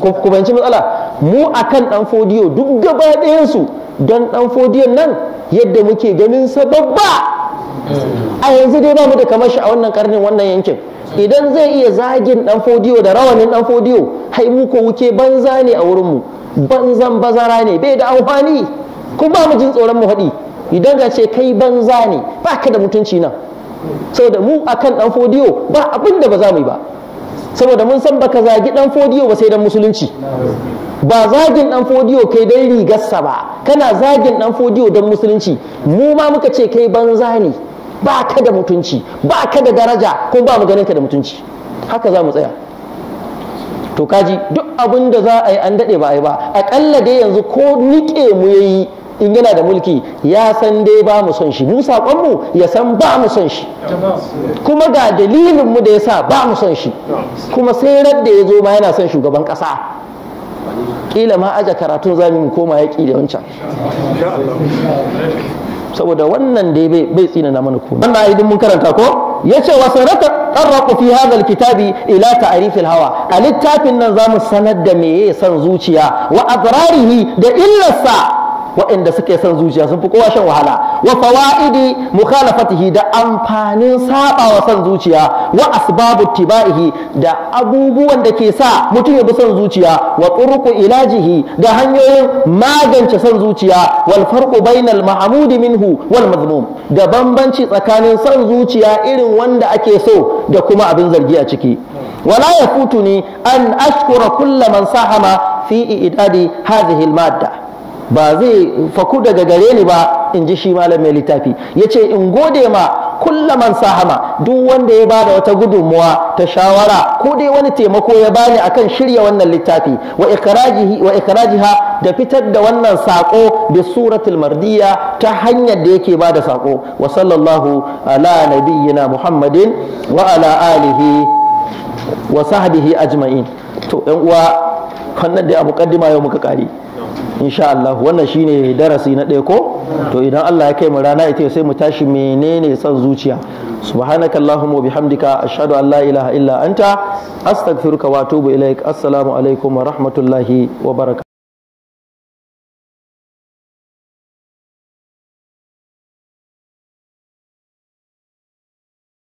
ku banci matsala mu akan dan fodiyo duk gaba ɗayansu don dan fodiyon nan yadda muke ganin sa babba a yanzu dai ba mu da kamar shi a wannan karnin wannan yankin idan zai iya zagin dan fodiyo da rawanin dan fodiyo hai mu ko wuke banza ne a wurin mu banzan bazara ne bai da amfani kuma mu jin tsoron mu haɗi idan ga ce kai banza ne ba ka da mutunci nan saboda mu akan dan fodiyo ba abin da ba za mu yi ba saboda mun san baka zagi dan fodiyo ba sai dan musulunci ba zagin dan fodiyo kai dan rigarsa ba kana zagin dan fodiyo dan musulunci mu ma muka ce kai banza ne ba ka da mutunci ba ka da daraja ko ba mu ganin ka da mutunci haka za mu tsaya to kaji duk abin da za a yi an daɗe ba a yi ba aƙalla dai yanzu ko niƙe mu yayi in yana da mulki ya san dai ba mu son shi mu saƙonmu ya san ba mu son shi kuma ga dalilin mu da yasa sa ba mu son shi kuma sai radda ya zo ma yana son shugaban ƙasa ƙila ma aja karatun zamu koma yaƙi da wancan saboda wannan dai bai na mana komai wannan ayi mun karanta ko yace wa sanata tarraqu fi hadha alkitabi ila ta'rif alhawa a littafin nan zamu sanar da meye san zuciya wa adrarihi da illarsa waɗanda suke son zuciya sun fi kowa shan wahala wa fawaidi mukhalafatihi da amfanin sabawa son zuciya wa asbabu tibaihi da abubuwan da ke sa mutum ya bi son zuciya wa turuqu ilajihi da hanyoyin magance son zuciya wal farqu bainal mahmudi minhu wal mazmum da bambanci tsakanin son zuciya irin wanda ake so da kuma abin zargi a ciki wala yafutuni an ashkura kulla man sahama fi idadi hadhihi al madda ba zai faku daga gare ni ba in ji shi malam mai littafi ya ce in gode ma kulla kullaman sahama duk wanda ya bada wata gudunmuwa ta shawara ko dai wani taimako ya bani akan shirya wannan littafi wa ikrajiha da fitar da wannan sako bi suratul mardiya ta hanyar da yake bada sako wa sallallahu ala nabiyyina muhammadin wa ala alihi wa sahbihi ajma'in to yan uwa wannan dai a muqaddima yau muka kare insha Allah wannan shine darasi na ɗaya ko to idan Allah ya kai mu rana ita sai mu tashi menene son zuciya subhanakallahumma wa bihamdika ashhadu an la ilaha illa anta astaghfiruka wa atubu ilaik assalamu alaikum wa rahmatullahi wa barakatuh